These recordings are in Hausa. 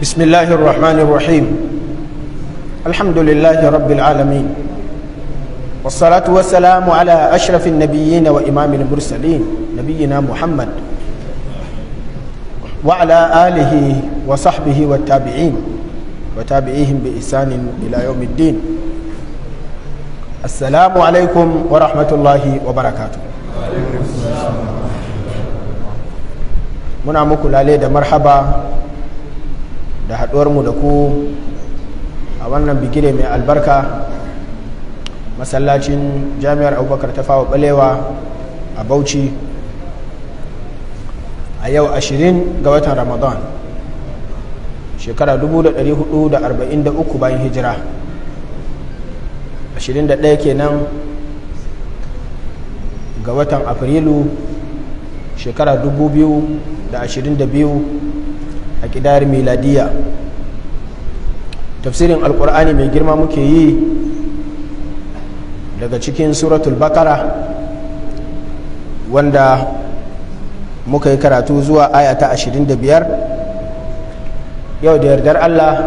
بسم الله الرحمن الرحيم الحمد لله رب العالمين والصلاة والسلام على أشرف النبيين وإمام المرسلين نبينا محمد وعلى آله وصحبه والتابعين وتابعيهم بإحسان إلى يوم الدين السلام عليكم ورحمة الله وبركاته muna muku lale da da mu da ku a wannan bigire mai albarka masallacin jami'ar abubakar ta fawa balewa a bauchi a yau ashirin ga watan ramadan shekara 443 bayan hijira 21 kenan ga watan afrilu shekara 2022 a ƙidar miladiya tafsirin Alƙur'ani mai girma muke yi daga cikin suratul bakara wanda muka yi karatu zuwa ayata 25 yau da yardar allah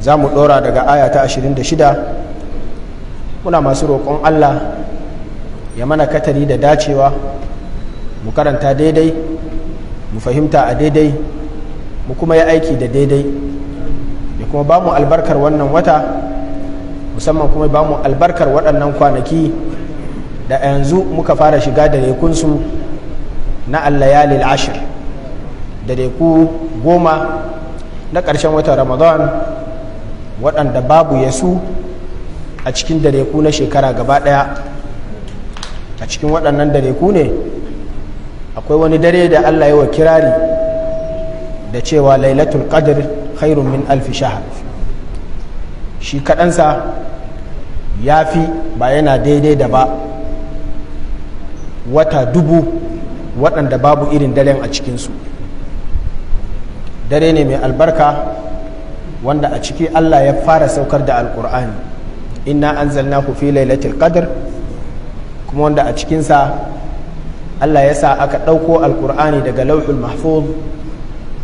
za mu ɗora daga ayata 26 muna masu roƙon allah ya mana katari da dacewa mu karanta daidai mu fahimta a daidai mu kuma ya aiki da daidai ya kuma ba mu albarkar wannan wata musamman kuma ba mu albarkar waɗannan kwanaki da yanzu muka fara shiga da rekunsu na allayalil ashir da reku goma na ƙarshen watan ramadan waɗanda babu yasu a cikin dareku na shekara gaba ɗaya a cikin waɗannan dareku ne akwai wani dare da allah yi wa kirari da cewa lailatul qadr khairun min alfi shahar shi kaɗansa ya fi ba yana daidai da ba wata dubu waɗanda babu irin daren a cikinsu dare ne mai albarka wanda a ciki allah ya fara saukar da alkur'ani inna anzalna ku fi lailatul qadr kuma wanda a cikinsa allah ya sa aka ɗauko alkur'ani daga lauhul mahfuz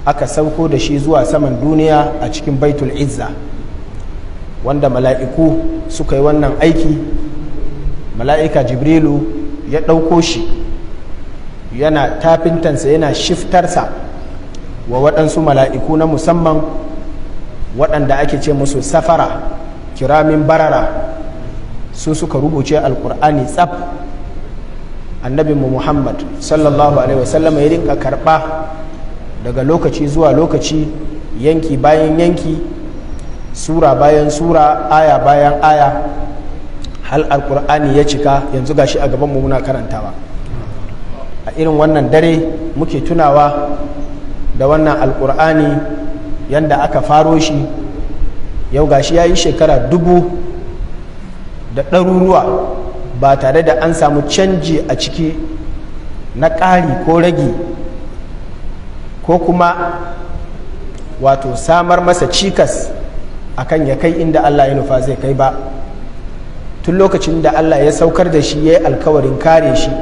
aka sauko da shi zuwa saman duniya a cikin baitul izza wanda mala'iku suka yi wannan aiki mala'ika jibrilu ya ɗauko shi yana tafintansa yana shiftarsa wa waɗansu mala'iku na musamman waɗanda ake ce musu safara kiramin barara su suka rubuce alkur'ani tsaf annabinmu muhammad sallallahu alaihi wasallam ya rinka karɓa daga lokaci zuwa lokaci yanki bayan yanki sura bayan sura aya bayan aya hal alkur'ani ya cika yanzu gashi a gabanmu muna karantawa a irin wannan dare muke tunawa da wannan alkur'ani yanda aka faro shi yau gashi ya yi shekara dubu da ɗaruruwa ba tare da an samu canji a ciki na ƙari ko rage ko kuma wato samar masa cikas akan ya kai inda Allah ya nufa zai kai ba tun lokacin da Allah ya saukar da shi ya yi alkawarin kare shi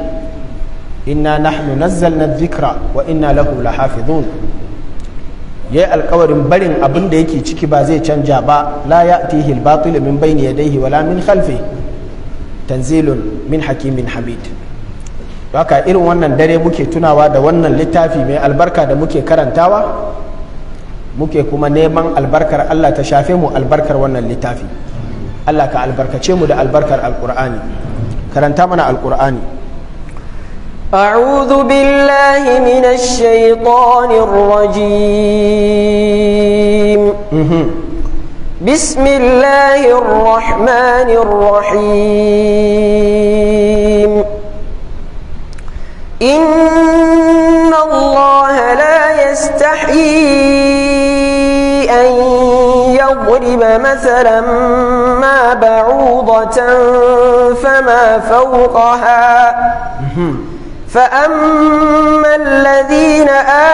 inna nahnu nazzalna dhikra wa inna lahu lahafizun yayi alkawarin barin abin da yake ciki ba zai canja ba la ya'tihi al-batil min bayni yadayhi wala min khalfihi tanzilun min hakimin hamid haka irin wannan dare muke tunawa da wannan littafi mai albarka da muke karantawa muke kuma neman albarkar Allah ta shafe mu albarkar wannan littafi Allah ka albarkace mu da albarkar alkur'ani karanta mana alkur'ani أعوذ بالله من الشيطان الرجيم بسم الله الرحمن الرحيم إن الله لا يستحيي أن يضرب مثلا ما بعوضة فما فوقها فأما الذين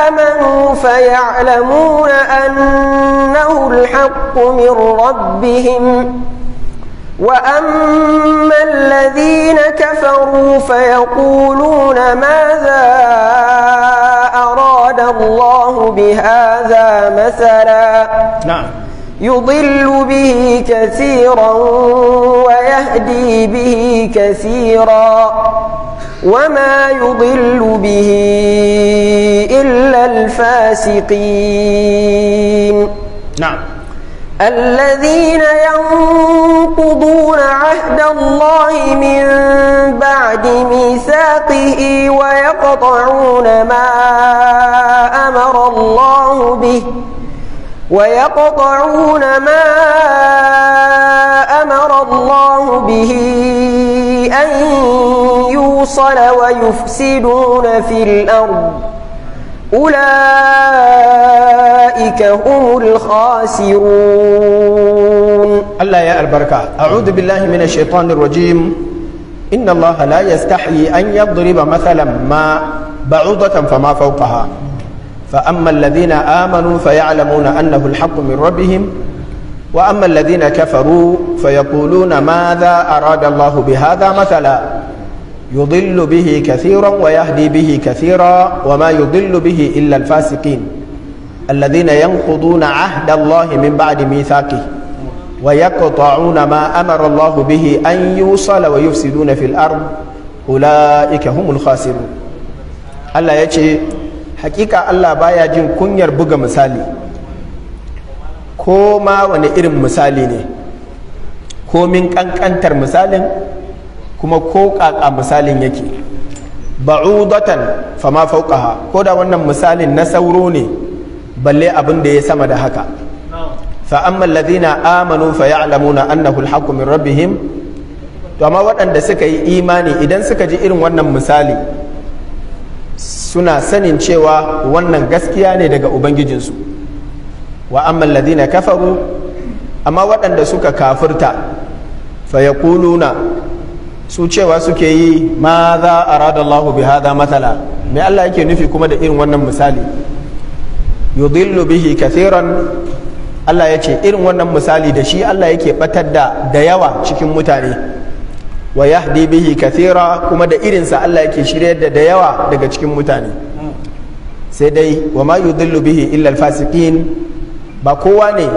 آمنوا فيعلمون أنه الحق من ربهم وأما الذين كفروا فيقولون ماذا أراد الله بهذا مثلا نعم يضل به كثيرا ويهدي به كثيرا وما يضل به إلا الفاسقين نعم الذين ينظرون بساطه ويقطعون ما أمر الله به ويقطعون ما أمر الله به أن يوصل ويفسدون في الأرض أولئك هم الخاسرون الله يا البركة أعوذ بالله من الشيطان الرجيم إن الله لا يستحيي أن يضرب مثلا ما بعوضة فما فوقها فأما الذين آمنوا فيعلمون أنه الحق من ربهم وأما الذين كفروا فيقولون ماذا أراد الله بهذا مثلا يضل به كثيرا ويهدي به كثيرا وما يضل به إلا الفاسقين الذين ينقضون عهد الله من بعد ميثاقه ويقطعون ما أمر الله به أن يوصل ويفسدون في الأرض أولئك هم الخاسرون الله يجي حقيقة الله بايا جن كنير بغا مثالي كوما ونئرم مثالي ني komin kankantar misalin kuma ko kaka misalin yake ba'udatan fama fauqaha ko da wannan misalin na sauro ne balle abin da ya sama da haka fa amma alladhina amanu fa ya'lamuna annahu alhaqqu min rabbihim to amma waɗanda suka yi imani idan suka ji irin wannan misali suna sanin cewa wannan gaskiya ne daga ubangijinsu wa amma alladhina kafaru amma waɗanda suka kafirta fa yaquluna su cewa suke yi ma za a rada Allah bi hada matsala. mai Allah yake nufi kuma da irin wannan misali yudillu bihi kathiran Allah ya ce irin wannan misali da shi Allah yake batar da da yawa cikin mutane wa yahdi bihi kathira kuma da irinsa Allah yake shiryar da da yawa daga cikin mutane sai dai wa ma yudhillu bihi illa fasikin ba kowa ne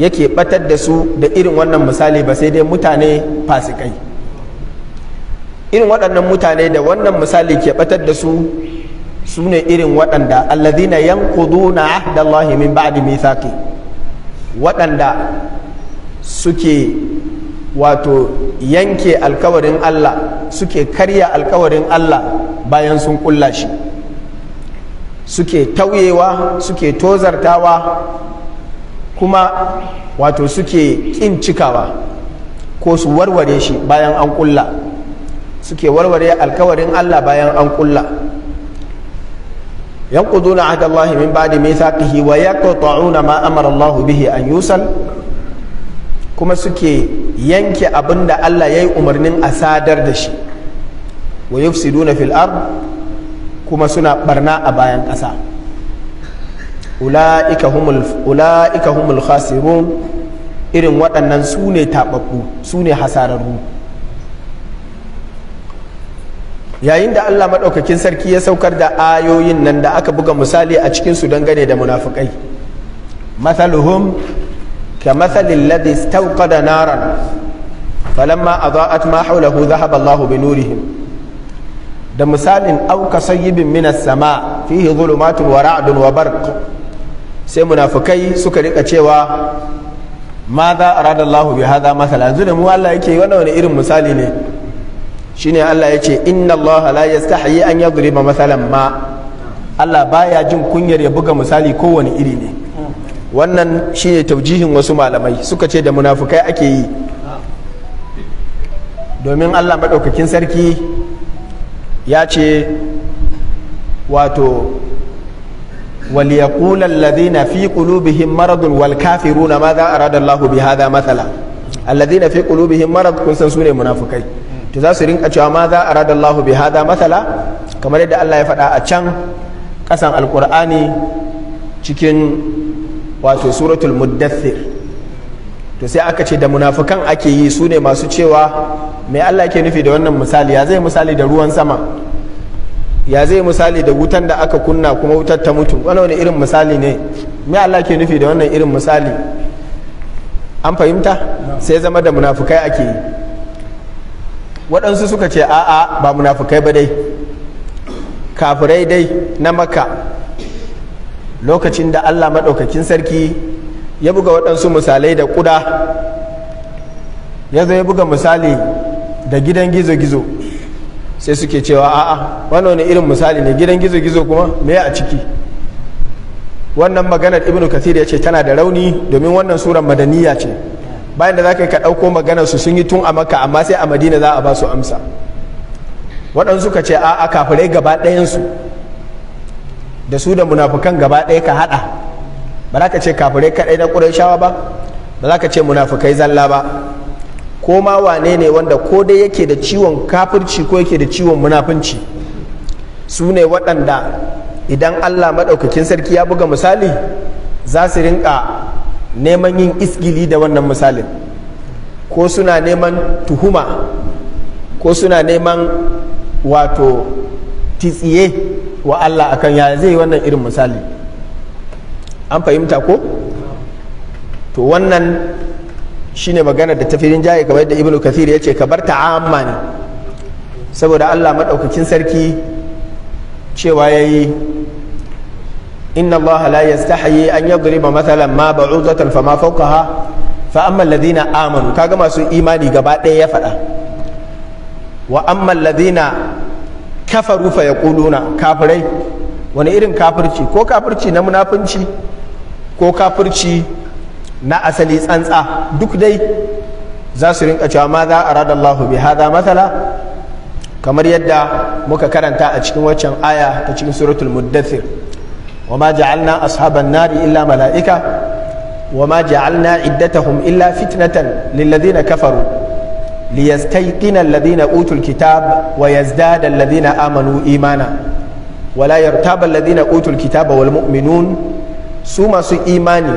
yake batar da su da irin wannan misali ba sai dai mutane fasikai irin waɗannan mutane da wannan misali ke batar da su su ne irin waɗanda allazina yanquduna ahdallahi min ba'di mithaqi waɗanda suke wato yanke alkawarin Allah suke karya alkawarin Allah bayan sun kulla shi suke tauyewa suke tozartawa kuma wato suke ƙin cikawa ko su warware shi bayan an kulla suke warware alkawarin Allah bayan an kulla ينقضون عهد الله من بعد ميثاقه ويقطعون ما أمر الله به أن يوصل كما سكي ينكي أبن الله يي أمرنين أسادر دشي ويفسدون في الأرض كما سنا برنا أبايان أسا أولئك هم أولئك هم الخاسرون إرن وأن سوني تابقوا سوني حساررون yayin da Allah maɗaukakin sarki ya saukar da ayoyin nan da aka buga misali a cikin su dangane da munafukai mathaluhum ka mathalil ladhi istawqada naran falamma adaa'at ma hawlahu dhahaba Allahu bi nurihim da misalin auka sayyibin minas sama fihi dhulumatun wa ra'dun wa barq sai munafukai suka rika cewa ma za arada Allahu bi hadha mathalan yanzu Allah yake wannan wani irin misali ne shine Allah ya ce inna Allah la yastahi an yadriba masalan ma Allah baya jin kunyar ya buga misali kowane iri ne wannan shine taujihin wasu malamai suka ce da munafukai ake yi domin Allah maɗaukakin sarki ya ce wato fi maradun wal الذين في قلوبهم مرض والكافرون ماذا أراد الله بهذا مثلا الذين fi قلوبهم مرض كن sune munafukai. to za su rinka cewa ma za a rada Allah bi hada matsala kamar yadda Allah ya faɗa a can ƙasan alƙur'ani cikin wato suratul muddathir to sai aka ce da munafukan ake yi su ne masu cewa mai Allah ke nufi da wannan misali ya zai misali da ruwan sama ya zai misali da wutan da aka kunna kuma wutar ta mutu wani wani irin misali ne mai Allah ke nufi da wannan irin misali an fahimta sai zama da munafukai ake yi waɗansu suka ce a'a ba munafukai ba dai kafirai dai na maka lokacin da allah maɗaukakin sarki ya buga waɗansu misalai da ƙuda ya zo ya buga misali da gidan gizo-gizo sai suke cewa a'a wani wani irin misali ne gidan gizo-gizo kuma me a ciki wannan maganar Ibn kathir ya ce tana da rauni domin wannan suran madaniya ce bayan da za ka yi ka ɗauko magana su sun yi tun a maka amma sai a madina za a ba su amsa waɗansu ka ce a kafirai gaba ɗayansu da su da munafukan gaba ɗaya ka haɗa ba za ka ce kafirai kaɗai na shawa ba ba za ka ce munafukai zalla ba ko ma wane ne wanda ko dai yake da ciwon kafirci ko yake da ciwon munafunci su ne waɗanda idan allah maɗaukakin sarki ya buga misali za su rinka neman yin iskili da wannan misalin ko suna neman tuhuma ko suna neman wato titsiye wa Allah akan ya zai wannan irin misali an fahimta ko to wannan shine magana da tafirin jaye kamar da ibnu kathir ya ce ka bar ta'amma ne saboda Allah maɗaukacin sarki cewa ya yi inna allaha la yastahi an yadriba mathalan ma ba'udatan fama fawqaha fa amma alladhina amanu kaga masu imani gaba ɗaya ya faɗa wa amma alladhina kafaru fa yaquluna kafirai wani irin kafurci ko kafurci na munafunci ko kafurci na asali tsantsa duk dai za su rinka cewa ma za a rada Allahu bi hada matsala kamar yadda muka karanta a cikin waccan aya ta cikin suratul muddathir wa ma ja'alna ashaban nari illa mala'ika wa ma ja'alna iddatahum illa fitnatan lilladhina kafaru liyastayqina alladhina utul kitab wa yazdada alladhina amanu imana wala yartaba alladhina utul kitaba wal mu'minun su masu imani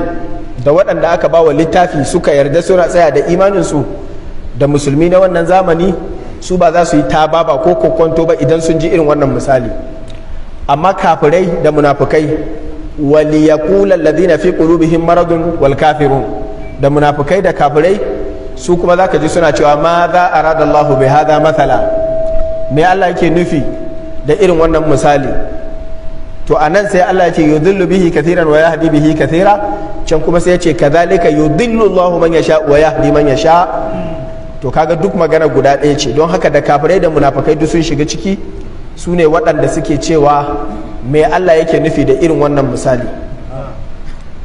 da waɗanda aka bawa littafi suka yarda suna tsaya da imaninsu da musulmi na wannan zamani su ba za su yi ta ba ko kokonto ba idan sun ji irin wannan misali amma kafirai da munafukai wali yaqula alladhina fi qulubihim maradun wal kafirun da munafukai da kafirai su kuma zaka ji suna cewa ma za a radallahu bai hadha matsala. me Allah yake nufi da irin wannan misali to a nan sai Allah ya yi yudhillu bihi kathiran wa yahdi bihi kathira can kuma sai ya ce kadhalika yudhillu Allahu man sha wa yahdi man sha to kaga duk magana guda ɗaya ce don haka da kafirai da munafukai duk sun shiga ciki su ne waɗanda suke cewa mai Allah yake nufi da irin wannan misali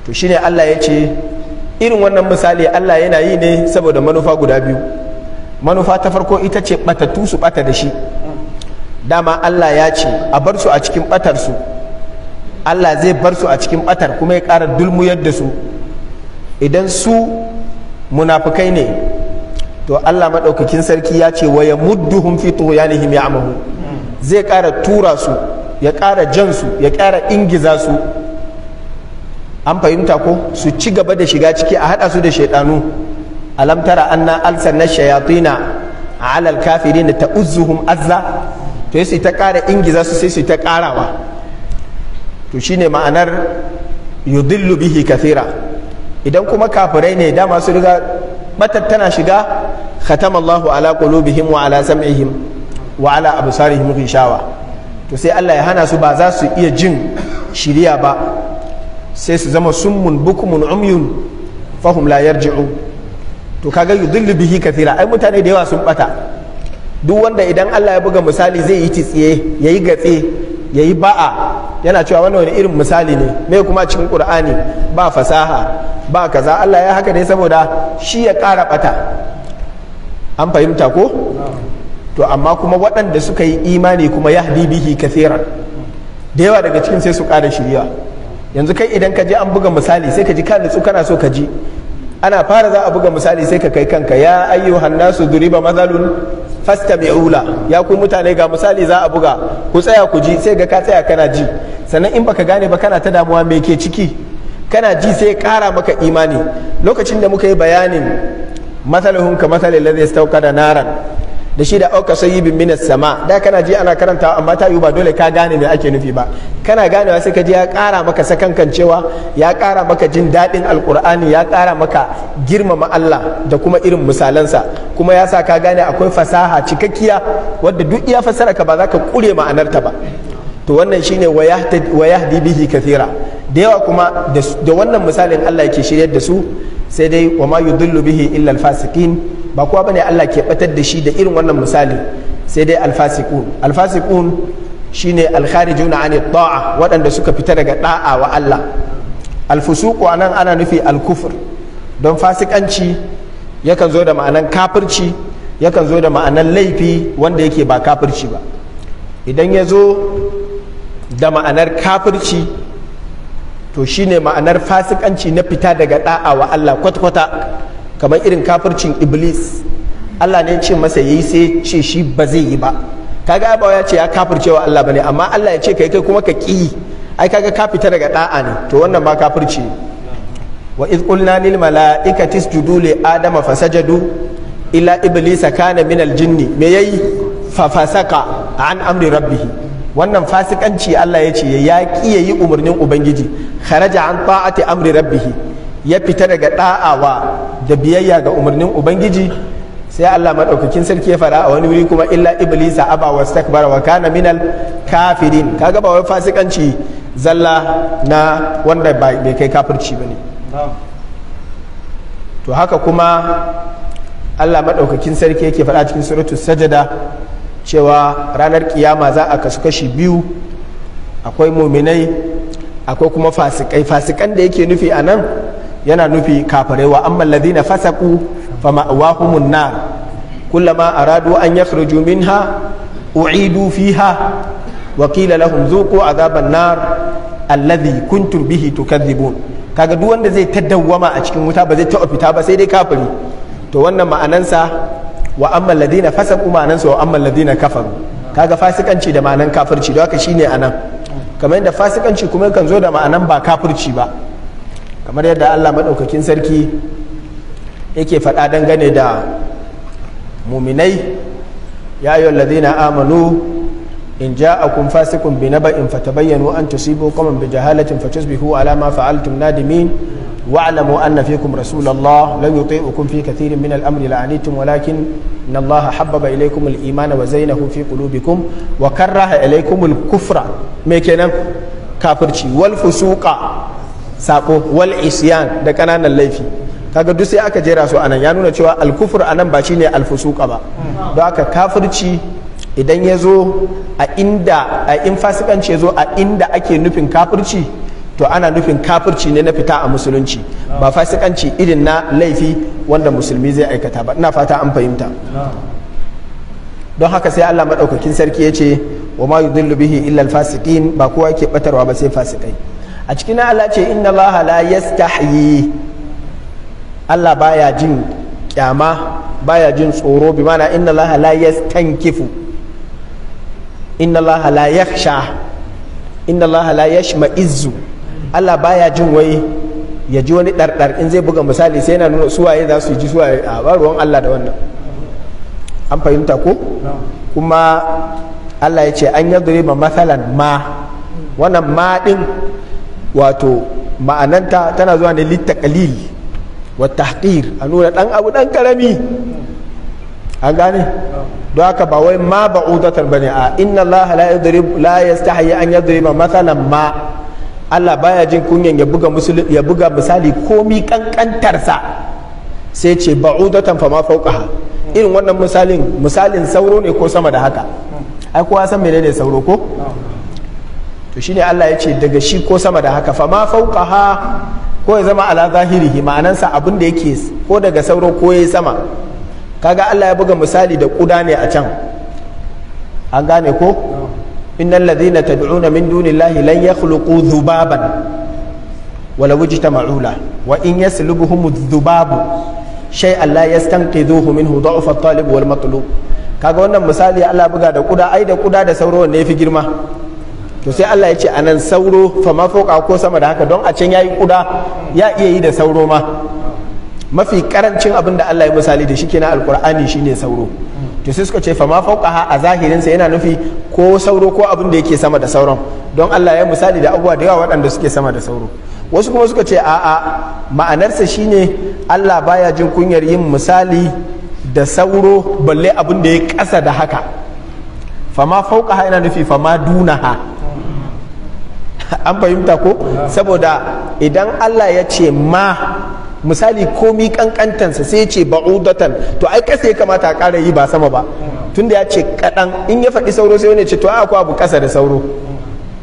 to shine Allah ya ce irin wannan misali Allah yana yi ne saboda manufa guda biyu manufa ta farko ita ce ɓatattu su ɓata da shi dama Allah ya ce a bar su a cikin su. Allah zai bar su a cikin ɓatar kuma ya ƙara dulmuyar da su idan su munafukai ne to Allah maɗaukakin sarki ya ce wa ya mudduhum yanihim ya amahu zai ƙara tura su ya ƙara jan su ya ƙara ingiza su an fahimta ko su ci gaba da shiga ciki a haɗa su da shaiɗanu. alamtara alam tara alsar na shayatina alal kafirin na uzuhum azza to su ta ƙara ingiza su sai su ta ƙarawa to shine ma'anar yudillu bihi kafira idan kuma kafirai ne dama su riga matattana shiga khatamallahu ala qulubihim wa ala sam'ihim wa ala absarihim shawa to sai Allah ya hana su ba za su iya jin shirya ba sai su zama summun bukumun umyun fahum la yarji'u to kaga yudillu bihi kathira ai mutane da yawa sun bata duk wanda idan Allah ya buga misali zai yi titsiye yayi gatse yayi ba'a yana cewa wannan wani irin misali ne me kuma cikin Qur'ani ba fasaha ba kaza Allah ya haka ne saboda shi ya ƙara bata an fahimta ko to amma kuma waɗanda suka yi imani kuma yahdi bihi kathiran da yawa daga cikin sai su ƙara shirya yanzu kai idan ka je an buga misali sai ka ji ka nutsu kana so ka ji ana fara za a buga misali sai ka kai kanka ya ayyuhan nasu duriba mazalun ula ya ku mutane ga misali za a buga ku tsaya ku ji sai ga ka tsaya kana ji sannan in baka gane ba kana ta damuwa me ke ciki kana ji sai kara maka imani lokacin da muka yi bayanin matsalahun ka matsalin da zai sauka da naran da shi da auka sayyibin minas sama da kana ji ana karanta amma ta ba dole ka gane me ake nufi ba kana ganewa sai ka ji ya kara maka sakankan cewa ya kara maka jin daɗin alkur'ani ya kara maka girmama Allah da kuma irin misalansa kuma ya sa ka gane akwai fasaha cikakkiya wadda duk iya fasara ka ba za ka kure ma'anarta ba to wannan shine wa yahdi bihi kathira da yawa kuma da wannan misalin Allah yake shiryar da su sai dai wa ma yudullu bihi illa al-fasiqin ba kowa bane Allah ke batar da shi da irin wannan misali sai dai alfasiqun alfasiqun shine alkharijuna ani ta'a waɗanda suka fita daga da'a wa Allah alfusuqu anan ana nufi alkufur don fasikanci yakan zo da ma'anan kafirci yakan zo da ma'anan laifi wanda yake ba kafirci ba idan ya zo da ma'anar kafirci to shine ma'anar fasikanci na fita daga da'a wa Allah kwata-kwata kamar irin kafircin iblis Allah ne ce masa yi sai ce shi ba zai yi ba kaga ba ya ce ya kafirce wa Allah bane amma Allah ya ce kai kai kuma ka ki ai kaga ka fita daga da'a ne to wannan ba kafirci wa iz qulna lil mala'ikati isjudu li adama fasajadu ila iblisa kana min al jinni me yayi fa fasaka an amri rabbih wannan fasikanci Allah ya ce ya ki yayi umarnin ubangiji kharaja an ta'ati amri rabbih ya fita daga da'awa da biyayya ga umarnin ubangiji sai Allah maɗaukakin sarki ya fara a wani wuri kuma illa iblisa aba wastakbara wa kana minal kafirin kaga ba wai fasikanci zalla na wanda bai kai kafirci ba ne. to haka kuma Allah maɗaukakin sarki yake faɗa cikin suratu sajada cewa ranar kiyama za a kasu kashi biyu akwai muminai akwai kuma fasikai fasikan da yake nufi a nan yana nufi kafare wa amma ladina fasaku fa ma'wahumun nar kullama aradu an yakhruju minha u'idu fiha wa qila lahum dhuqu adhaban nar alladhi kuntum bihi tukadhibun kaga duk wanda zai dawwama a cikin wuta ba zai ta fita ba sai dai kafiri to wannan ma'anansa wa amma ladina fasaku ma'anansa wa amma ladina kafaru kaga fasikanci da ma'anan kafirci don haka shine anan kamar yadda fasikanci kuma kan zo da ma'anan ba kafirci ba kamar yadda allah maɗaukakin sarki yake faɗa dangane da muminai ya yi wallazi na amanu in ja a kun fasi kun ba in fata bayyana an ta shi bukwa man bija halatin fatis bihu alama fa'altum na dimi wa alamu an na fi kun rasulallah lan yi tsaye kun fi kathirin min al'amri la'anitin walakin na allah habba ba wa zaina hu fi kulubikum wa karraha ilaikum al-kufra me kenan kafirci wal fusuqa saƙo wal isyan da ƙananan laifi kaga duk sai aka jera su anan ya nuna cewa alkufur anan ba shine alfusuka ba don haka kafirci idan ya zo a inda a in fasikanci ya zo a inda ake nufin kafirci to ana nufin kafirci ne na fita a musulunci ba fasikanci irin na laifi wanda musulmi zai aikata ba ina fata an fahimta don haka sai Allah madaukakin sarki ya ce wa ma yudillu bihi illa alfasiqin ba kowa yake batarwa ba sai fasikai a cikin Allah ce inna Allah la yastahyi Allah baya jin kyama baya jin tsoro bi mana inna Allah la yastankifu inna Allah la yakhsha inna Allah la yashma izzu Allah baya jin wai ya ji wani ɗarɗar in zai buga misali sai yana nuna suwaye za su ji suwaye a ruwan Allah da wannan an fahimta ko kuma Allah ya ce an yadriba mathalan ma wannan ma din wato ma'ananta tana zuwa ne littakalil wa tahqir a nuna dan abu dan karami an gane don haka ba wai ma ba'udatar bane a inna allaha la yadrib la yastahi an yadriba mathalan ma Allah baya jin kunyan ya buga misali komi ƙanƙantarsa sai ce ba'udatan fa ma fauqaha irin wannan misalin misalin sauro ne ko sama da haka ai kowa san ne sauro ko to shine Allah ya ce daga shi ko sama da haka fa ma ha ko ya zama ala zahirihi ma'anansa abin da yake ko daga sauro ko ya sama kaga Allah ya buga misali da kuda ne a can an gane ko innal ladhina tad'una min dunillahi lan yakhluqu dhubaban wala wujtama'u ma'ula wa in yaslubuhum dhubabu shay Allah yastanqidhuhu minhu da'fa at-talib wal matlub kaga wannan misali Allah buga da kuda ai da kuda da sauro ne fi girma to sai Allah ya ce anan sauro fa ma foka ko sama da haka don a can yayi kuda ya iya yi da sauro ma mafi karancin abin da Allah ya misali da shi kenan alqur'ani shine sauro to sai suka ce fa ma ha a zahirin sa yana nufi ko sauro ko abin da yake sama da sauron don Allah ya misali da abubuwa da yawa waɗanda suke sama da sauro wasu kuma suka ce a a ma'anarsa shine Allah baya jin kunyar yin misali da sauro balle abin da ya ƙasa da haka fama ha yana nufi fama dunaha an fahimta ko saboda idan Allah ya ce ma misali komi kankantansa sai ya ce ba'udatan to ai kasa ya kamata a ƙara yi ba sama ba tunda ya ce kaɗan in ya faɗi sauro sai wani ce to ko abu ƙasa da sauro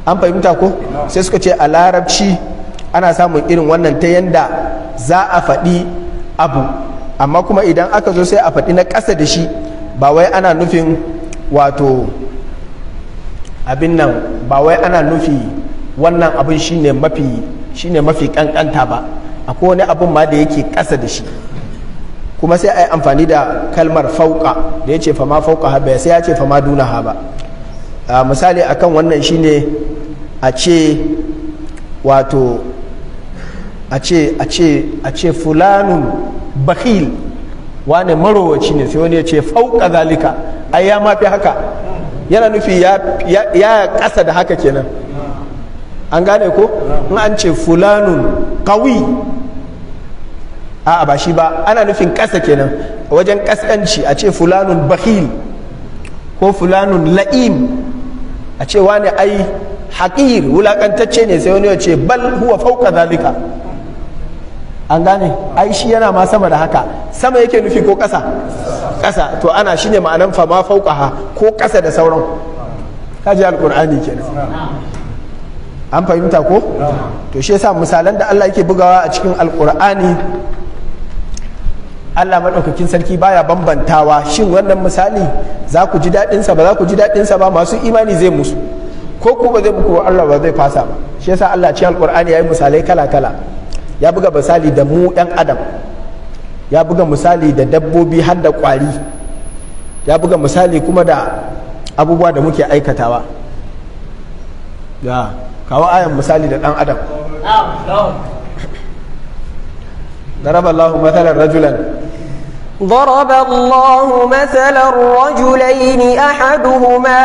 an fahimta ko sai suka ce a larabci ana samun irin wannan ta yanda za a faɗi abu amma kuma idan aka zo sai a faɗi na ƙasa da shi ba wai ana nufin wato abin nan ba wai ana nufi wannan abin shine mafi shine mafi kankanta ba akwai wani abin ma da yake ƙasa da shi kuma sai a yi amfani da kalmar fauka da ya ce fama fauka ha sai ya ce fama duna ha ba misali akan wannan shine a ce wato a ce a ce a ce fulanun bakhil wane marowaci ne sai wani ya ce fauka zalika ai ya mafi haka yana nufi ya ya ƙasa da haka kenan an gane ko in an ce fulanun kawi a'a ba shi ba ana nufin ƙasa kenan wajen ƙasƙanci a ce fulanun bakhil ko fulanun la'im a ce wani ai haƙir wulaƙantacce ne sai wani ya ce bal huwa fauka zalika an gane ai shi yana ma sama da haka sama yake nufi ko ƙasa ƙasa to ana shi ne ma'anan fama fauka ha ko ƙasa da sauran kaji alƙur'ani kenan an fahimta ko to shi yasa misalan da Allah yake bugawa a cikin alkur'ani Allah maɗaukakin sarki baya bambantawa shin wannan misali za ku ji daɗinsa ba za ku ji daɗinsa ba masu imani zai musu ko ku ba zai muku ba Allah ba zai fasa ba shi yasa Allah cikin alkur'ani ya yi misalai kala kala ya buga misali da mu ɗan adam ya buga misali da dabbobi har da ƙwari ya buga misali kuma da abubuwa da muke aikatawa ya kawo ayan misali da dan adam ضرب الله مثلا رجلا ضرب الله مثلا رجلين أحدهما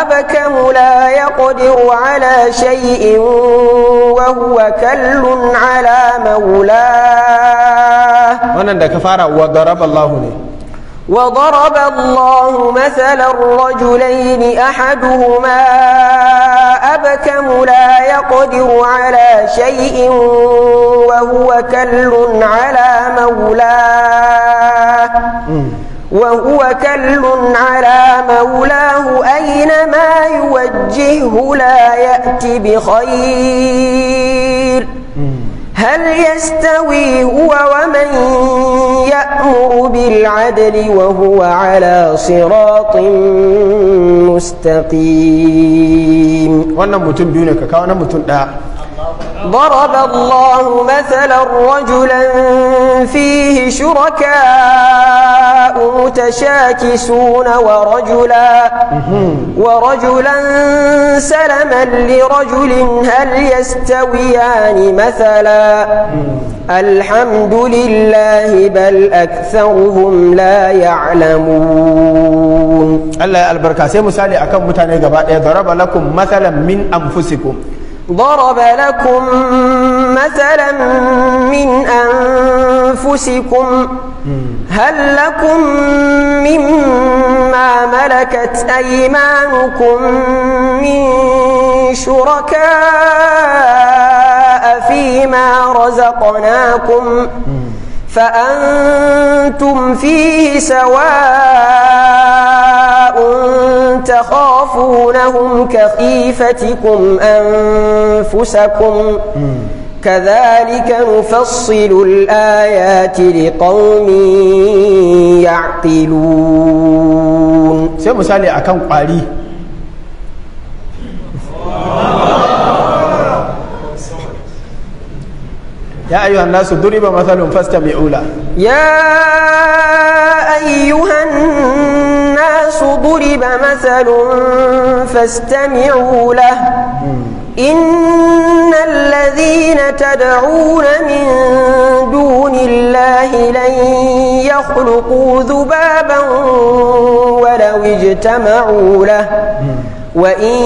أبكم لا يقدر على شيء وهو كل على مولاه وانا da ka fara wa daraba ne وضرب الله مثلا الرجلين أحدهما أبكم لا يقدر على شيء وهو كل على مولاه وهو كل على مولاه أينما يوجهه لا يأتي بخير هل يستوي هو ومن يأمر بالعدل وهو على صراط مستقيم وانا متن biyu ne متن kawo ضرب الله مثلا رجلا فيه شركاء متشاكسون ورجلا ورجلا سلما لرجل هل يستويان مثلا الحمد لله بل أكثرهم لا يعلمون الله البركة سيمسالي أكم متاني قبائل ضرب لكم مثلا من أنفسكم ضرب لكم مثلا من أنفسكم هل لكم مما ملكت أيمانكم من شركاء فيما رزقناكم فأنتم فيه سواء تخافونهم كخيفتكم أنفسكم كذلك نفصل الآيات لقوم يعقلون sai misali أكام قالي يا أيها الناس ضرب مثل فاستمعوا له يا أيها الناس الناس ضرب مثل فاستمعوا له إن الذين تدعون من دون الله لن يخلقوا ذبابا ولو اجتمعوا له وإن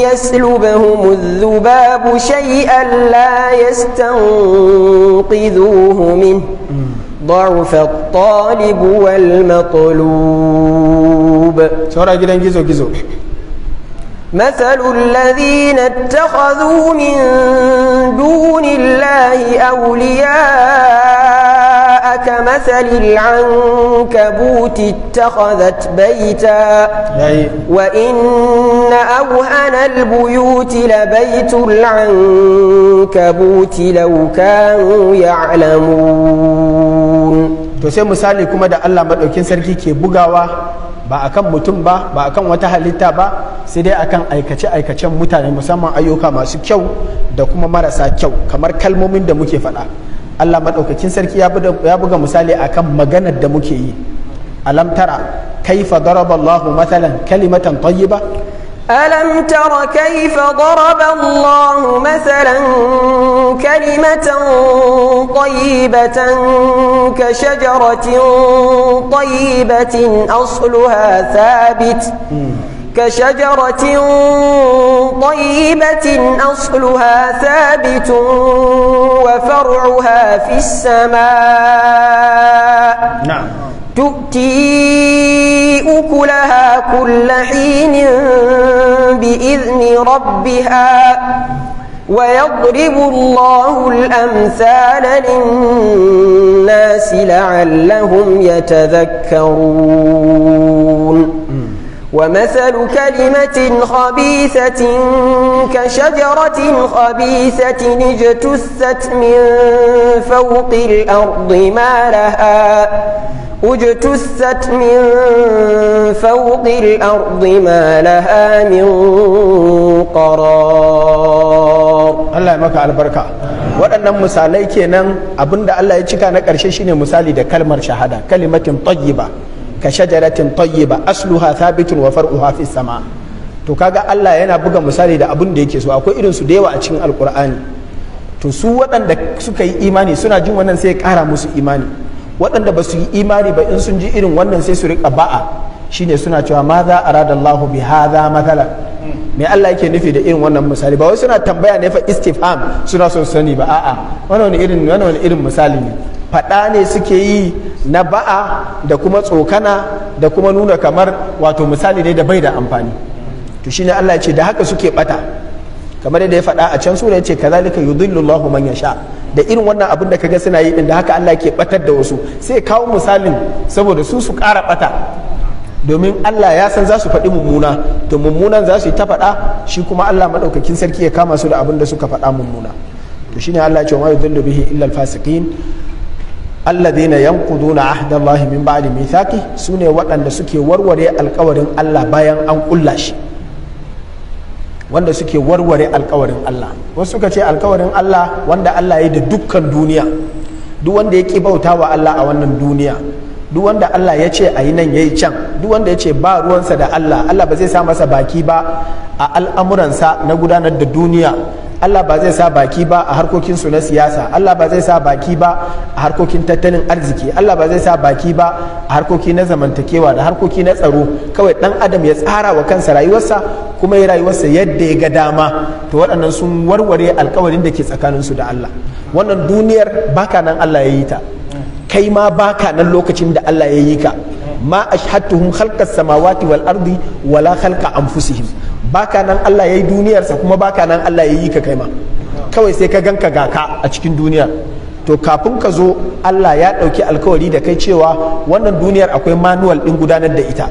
يسلبهم الذباب شيئا لا يستنقذوه منه ضعف الطالب والمطلوب ba مثل الذين اتخذوا من دون الله أولياء كمثل العنكبوت اتخذت بيتا نعم. وإن أوهن البيوت لبيت العنكبوت لو كانوا يعلمون to sai misali kuma da Allah maɗaukin sarki ke bugawa ba kan mutum ba ba a kan wata halitta ba sai dai akan aikace-aikacen mutane musamman ayyuka masu kyau da kuma marasa kyau kamar kalmomin da muke faɗa Allah maɗaukakin sarki ya buga misali akan maganar da muke yi alamtara tara kaifa daraba matalan kalimatan tayyiba ألم تر كيف ضرب الله مثلا كلمة طيبة كشجرة طيبة أصلها ثابت كشجرة طيبة أصلها ثابت وفرعها في السماء نعم تؤتي أكلها كل حين بإذن ربها ويضرب الله الأمثال للناس لعلهم يتذكرون ومثل كلمة خبيثة كشجرة خبيثة اجتثت من فوق الأرض ما لها اجتثت من فوق الأرض ما لها من قرار الله يمك على البركة waɗannan misalai kenan abinda Allah ya cika na ƙarshe shine misali da kalmar shahada kalimatin tayyiba ka shajaratin tayyiba asluha thabitun wa far'uha fis sama to kaga Allah yana buga misali da abun da yake so akwai irin su da yawa a cikin alkur'ani to su waɗanda suka yi imani suna jin wannan sai ƙara musu imani waɗanda ba su yi imani ba in sun ji irin wannan sai su riƙa ba'a shine suna cewa ma za a rada Allahu bi hadha me Allah yake nufi da irin wannan misali ba wai suna tambaya ne fa istifham suna son sani ba a'a wannan irin irin misali ne faɗa ne suke yi na ba'a da kuma tsokana da kuma nuna kamar wato misali ne da bai da amfani to shine Allah ya ce da haka suke bata kamar yadda ya faɗa a can sura ya ce kazalika yudhillullahu man yasha da irin wannan abin da kaga suna yi din da haka Allah ke batar da wasu sai kawo misalin saboda su su ƙara bata domin Allah ya san za su faɗi mummuna to mummunan za su yi ta faɗa shi kuma Allah maɗaukakin sarki ya kama su da abin da suka faɗa mummuna to shine Allah ya ce wa yudhillu bihi illa al-fasiqin alladhina yanquduna ahdallahi min ba'di mithaqi sune waɗanda suke warware alƙawarin Allah bayan an kulla shi wanda suke warware alƙawarin Allah wasu suka ce alkawarin Allah wanda Allah ya yi da dukkan duniya duk wanda ya ki bauta wa Allah a wannan duniya duk wanda Allah ya ce a yi nan ya yi can duk wanda ya ce ba ruwansa da Allah Allah ba zai sa masa baki ba a al'amuransa na gudanar da duniya Allah ba zai sa baki ba a harkokinsu na siyasa Allah ba zai sa baki ba a harkokin tattalin arziki Allah ba zai sa baki ba a harkoki na zamantakewa da harkoki na tsaro kawai dan adam ya tsara wa kansa rayuwarsa kuma ya rayuwarsa yadda ya ga dama to waɗannan sun warware alkawarin da ke tsakaninsu da Allah wannan duniyar baka nan Allah ya yi ta kai ma baka nan lokacin da Allah ya yi ka ma ashhadtuhum khalqas samawati wal ardi wala khalqa anfusihim baka nan Allah ya yi duniyarsa kuma baka nan Allah ya yi ka kai ma kawai sai ka ganka ga ka a cikin duniyar to kafin ka zo Allah ya ɗauki alkawari da kai cewa wannan duniyar akwai manuwal ɗin gudanar da ita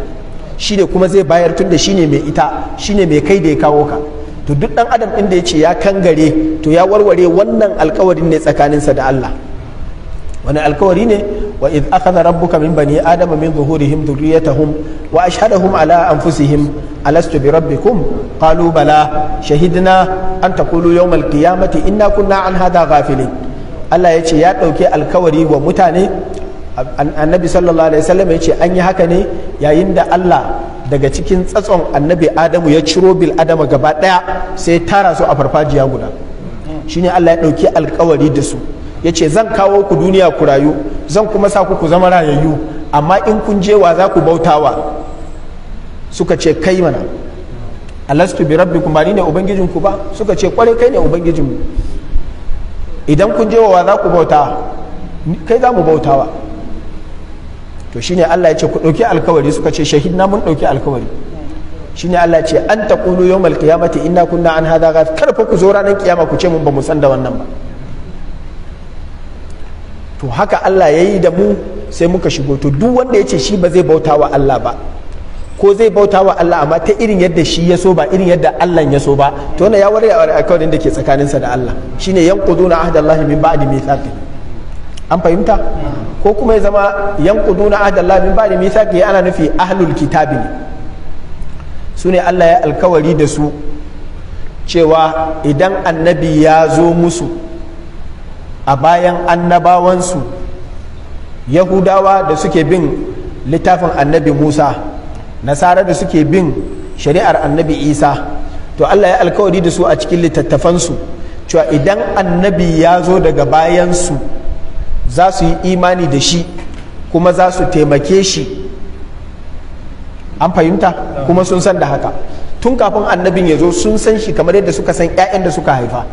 shi ne kuma zai bayar tun da shi ne mai ita shi ne mai kai da ya kawo ka to duk ɗan adam ɗin da ya ce ya kangare to ya warware wannan alkawarin ne tsakaninsa da Allah wani alkawari ne wa iz akhadha rabbuka min bani adama min zuhurihim dhurriyyatahum wa ashhadahum ala anfusihim alastu bi rabbikum qalu bala shahidna an taqulu yawm alqiyamati inna kunna an hadha ghafilin Allah ya ce ya dauke alkawari wa mutane annabi sallallahu alaihi wasallam ya ce an yi haka ne yayin da Allah daga cikin tsatson annabi adamu ya ciro bil adama gaba daya sai tara su a farfajiya guda shine Allah ya dauki alkawari da su ya ce zan kawo ku duniya ku rayu zan kuma sa ku ku zama rayayyu amma in kun je wa za ku bautawa suka ce kai mana alastu bi rabbi kuma ni ne ubangijinku ba suka ce kware kai ne ubangijinmu idan kun je wa za ku bauta kai za mu bautawa to shine Allah ya ce ku ɗauki alkawari suka ce na mun ɗauki alkawari shine Allah ya ce an taqulu yawmal qiyamati inna kunna an hadha ghafil karfa ku zo ranar kiyama ku ce mun ba mu san da wannan ba to haka Allah ya yi da mu sai muka shigo to duk wanda ya ce shi ba zai bauta wa Allah ba ko zai bauta wa Allah amma ta irin yadda shi ya so ba irin yadda Allah ya so ba to wannan ya warware alƙawarin da ke tsakaninsa da Allah shine yanquduna ahdallahi min ba'di mithaqi an fahimta ko kuma ya zama yanquduna ahdallahi min ba'di mithaqi ana nufi ahlul kitabi ne su ne Allah ya alkawari da su cewa idan annabi ya zo musu a bayan annabawansu yahudawa da suke bin littafin annabi musa nasara da suke bin shari'ar annabi isa to allah ya alkawari da su a cikin littattafansu cewa idan annabi ya zo daga bayansu za su yi imani da shi kuma za su taimake shi an fahimta kuma sun san da haka tun kafin annabin ya zo sun san shi kamar yadda suka san 'ya'yan da suka haifa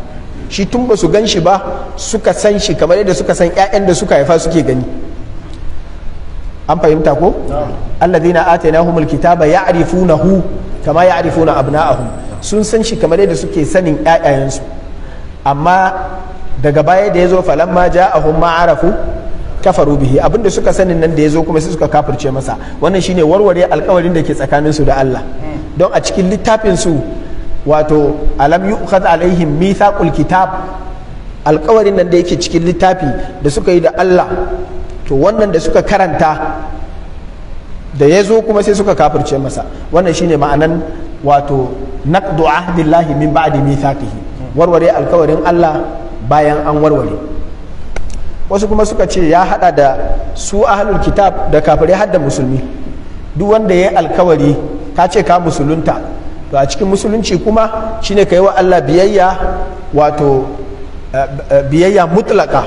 shi tun ba su gan shi ba suka san shi kamar yadda suka san 'ya'yan da suka haifa suke gani an fahimta ko ya atainahumul kitaba ya'rifunahu kama ya'rifuna abna'ahum sun san shi kamar yadda suke sanin 'ya'yayansu amma daga baya da ya zo yazo falamma ja'ahum ma'arafu kafaru bihi abinda suka sanin nan da ya zo kuma sai suka kafirce masa wannan shine warware alkawarin da ke tsakanin su da Allah hmm. don a cikin littafin su wato alam yu'khad alaihim mithaqul kitab alƙawarin nan da yake cikin littafi da suka yi da Allah to wannan da suka karanta da ya zo kuma sai suka kafirce masa wannan shine ma'anan wato naqdu ahdillahi min ba'di mithaqihi warware alƙawarin Allah bayan an warware wasu kuma suka ce ya hada da su ahlul kitab da kafirai har da musulmi duk wanda ya yi alkawari ka ce ka musulunta to a cikin musulunci kuma shine ka yi wa Allah biyayya wato eh, eh, biyayya mutlaka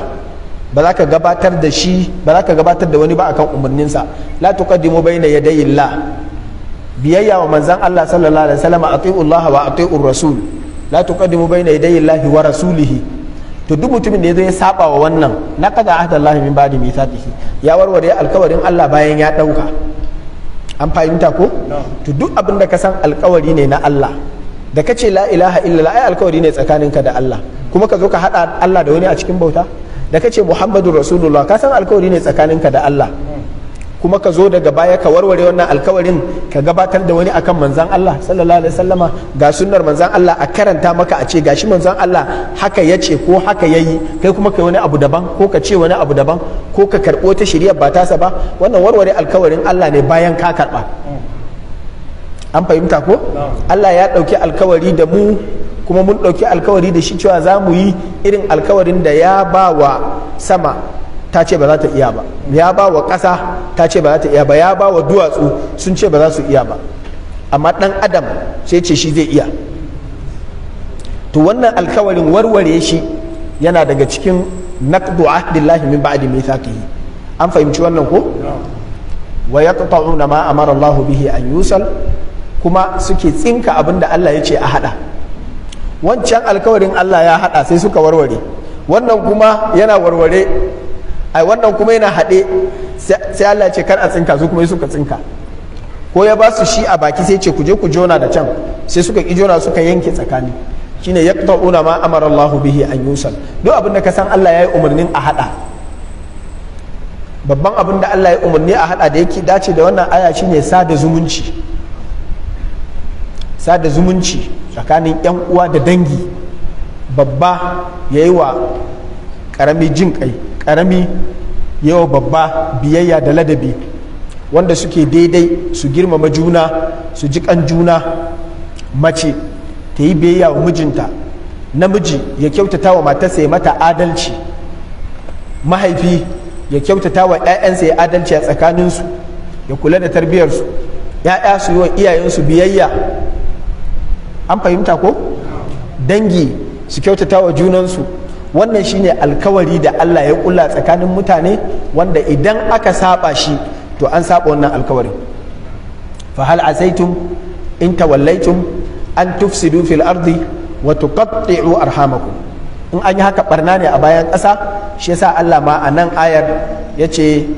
ba za ka gabatar da shi ba za ka gabatar da wani ba akan umarninsa la tuqaddimu bayna yaday Allah biyayya wa manzon Allah sallallahu alaihi wasallam ati'u Allah wa ati'u rasul la tuqaddimu bayna yaday Allah wa rasulihi to duk mutumin da ya yazo ya saba wa wannan na naqada ahdallahi min ba'di mithaqihi ya warware alkawarin Allah bayan ya dauka an fahimta ko to duk abin da ka san alkawari ne na Allah da ka ce la ilaha illallah ai alkawari ne tsakaninka da Allah kuma ka zo ka hada Allah da wani a cikin bauta da ka ce Muhammadu Rasulullah ka san alkawari ne tsakaninka da Allah kuma ka zo daga baya ka warware wannan alkawarin ka gabatar da wani akan manzan Allah sallallahu alaihi wasallama ga sunnar manzan Allah a karanta maka a ce gashi manzan Allah haka ya ce ko haka ya yi kai kuma kai wani abu daban ko ka ce wani abu daban ko ka karɓo ta shirya ba tasa ba wannan warware alkawarin Allah ne bayan ka karɓa an fahimta ko Allah ya ɗauki alkawari da mu kuma mun ɗauki alkawari da shi cewa za mu yi irin alkawarin da ya ba wa sama ta ce ba za ta iya ba ya ba wa ƙasa ta ce ba za ta iya ba ya ba wa duwatsu sun ce ba za su iya ba amma ɗan adam sai ce shi zai iya to wannan alkawarin warware shi yana daga cikin naqdu ahdillahi min ba'di mithaqihi an fahimci wannan ko wa yaqta'una ma amara Allah bihi an yusal kuma suke tsinka abinda Allah ya ce a hada wancan alkawarin Allah ya hada sai suka warware wannan kuma yana warware ai wannan kuma yana haɗe sai Allah ce kar a tsinka su kuma suka tsinka ko ya ba su shi a baki sai ce ku je ku jona da can sai suka ki jona suka yanke tsakani shine yaqta'una ma amara Allahu bihi an yusal duk abin da ka san Allah yayi umarnin a hada babban abin da Allah ya umarni a hada da yake dace da wannan aya shine sada zumunci sada zumunci tsakanin yan uwa da dangi babba yayi wa karami jin kai karami yawa babba biyayya da ladabi wanda suke daidai su girmama juna su ji kan juna mace ta yi biyayya wa mijinta namiji ya kyautata wa matarsa ya mata adalci mahaifi ya kyautata wa 'ya'yansa ya adalci a tsakaninsu ya kula da tarbiyyarsu 'ya'ya su yi wa iyayensu biyayya an fahimta ko dangi su kyautata wa junansu wannan shine alkawari da Allah ya kula tsakanin mutane wanda idan aka saba shi to an saba wannan alkawari. fa hal asaitum in tawallaitum an tufsidu fil ardi wa tuqatti'u arhamakum in an yi haka barna ne a bayan ƙasa shi yasa Allah ma a nan ayar yace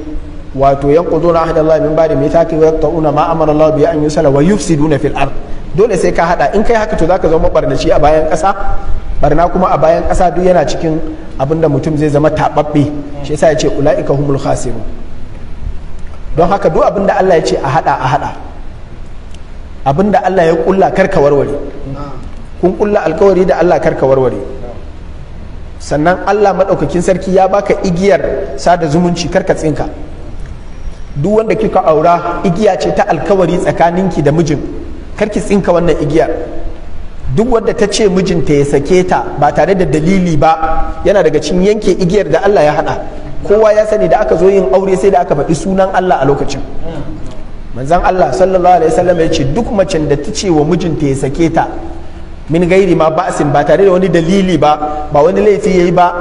wato yanquduna ahdallahi min ba'di mithaqi wa yaqta'una ma amara Allah bi an yusala wa yufsidu fil filar. dole sai ka haɗa in kai haka to zaka zama barnaci a bayan ƙasa barna kuma a bayan ƙasa duk yana cikin abin da mutum zai zama taɓaɓɓe shi yasa ya ce ula'ika humul khasiru don haka duk abin da Allah ya ce a haɗa a haɗa abin da Allah ya ƙulla karka warware kun ƙulla alkawari da Allah karka warware sannan Allah maɗaukakin sarki ya baka igiyar sada zumunci karka tsinka duk wanda kika aura igiya ce ta alkawari tsakaninki da mijin karki tsinka wannan igiyar duk wadda ta ce mijinta ya sake ta ba tare da dalili ba yana daga cikin yanke igiyar da Allah ya hada kowa ya sani da aka zo yin aure sai da aka faɗi sunan Allah a lokacin manzon Allah sallallahu alaihi wasallam ya ce duk macen da ta ce wa mijinta ya sake ta min gairi ma ba'sin ba tare da wani dalili ba ba wani laifi yayi ba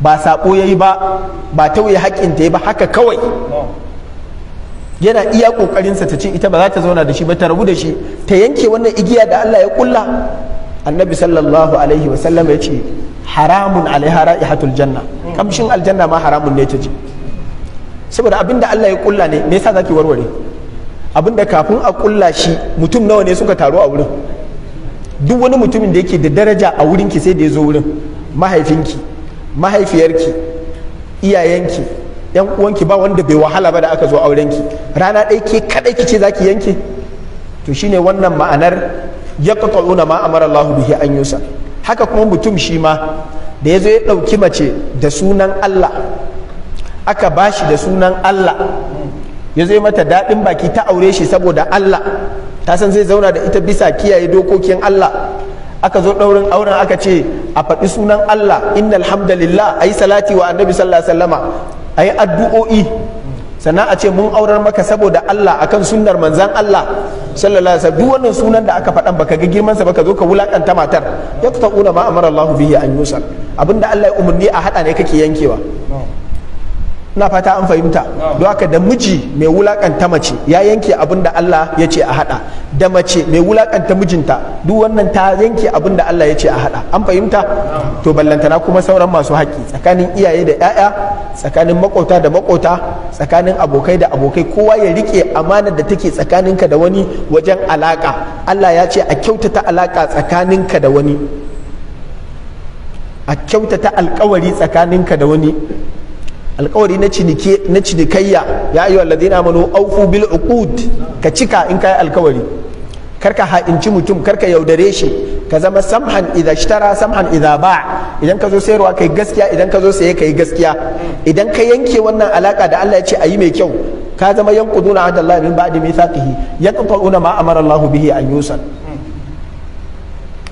ba sako yayi ba ba tauye haƙƙin ta yi ba haka kawai yana iya kokarinsa ta ce ita ba za ta zauna da shi ba ta rabu da shi ta yanke wannan igiya da Allah ya kulla annabi sallallahu alaihi wa sallam ya ce haramun alaiha ra'ihatul janna kamshin aljanna ma haramun ne ta ji saboda abinda Allah ya kulla ne me yasa zaki warware abinda kafin a kulla shi mutum nawa ne suka taru a wurin duk wani mutumin da yake da daraja a wurin ki sai da ya zo wurin mahaifinki mahaifiyarki iyayenki yan uwanki ba wanda bai wahala ba da aka zo aurenki rana ɗaya ke kaɗai ki za ki yanke to shine wannan ma'anar ya ƙaƙa'una ma amara Allah bihi an yusa haka kuma mutum shi ma da ya zo ya ɗauki mace da sunan Allah aka ba shi da sunan Allah ya zo mata daɗin baki ta aure shi saboda Allah ta san zai zauna da ita bisa kiyaye dokokin Allah aka zo ɗaurin auren aka ce a faɗi sunan Allah innal a yi salati wa annabi sallallahu alaihi wasallama a yi addu'o'i sannan a ce mun aurar maka saboda Allah akan sunnar manzan Allah sallallahu alaihi duk wannan sunan da aka faɗan baka ga girman sa baka zo ka wulakanta matar yaqta'una ma amara Allahu bihi an yusal abinda Allah ya umarni a hada ne kake yankewa na fata an fahimta don haka da miji mai wulakanta mace ya yanke abin da Allah ya ce a hada da mace mai wulakanta mijinta duk wannan ta yanke abin da Allah ya ce a hada an fahimta to ballantana kuma sauran masu haƙƙi tsakanin iyaye da 'ya'ya tsakanin makota da makota tsakanin abokai da abokai kowa ya rike amanar da take tsakaninka da wani wajen alaka Allah ya ce a kyautata alaka tsakaninka da wani a kyautata alkawari tsakaninka da wani alkawari na cinikayya ya ayyuhal ladina amanu awfu bil uqud ka cika in kai alkawari karka ha'inci mutum karka yaudare shi ka zama samhan idza ishtara samhan idza ba' idan ka zo sayarwa kai gaskiya idan ka zo saye kai gaskiya idan ka yanke wannan alaka da Allah ya ce ayi mai kyau ka zama yanquduna adallahi min ba'di mithaqihi yaqta'una ma amara allahu bihi an yusal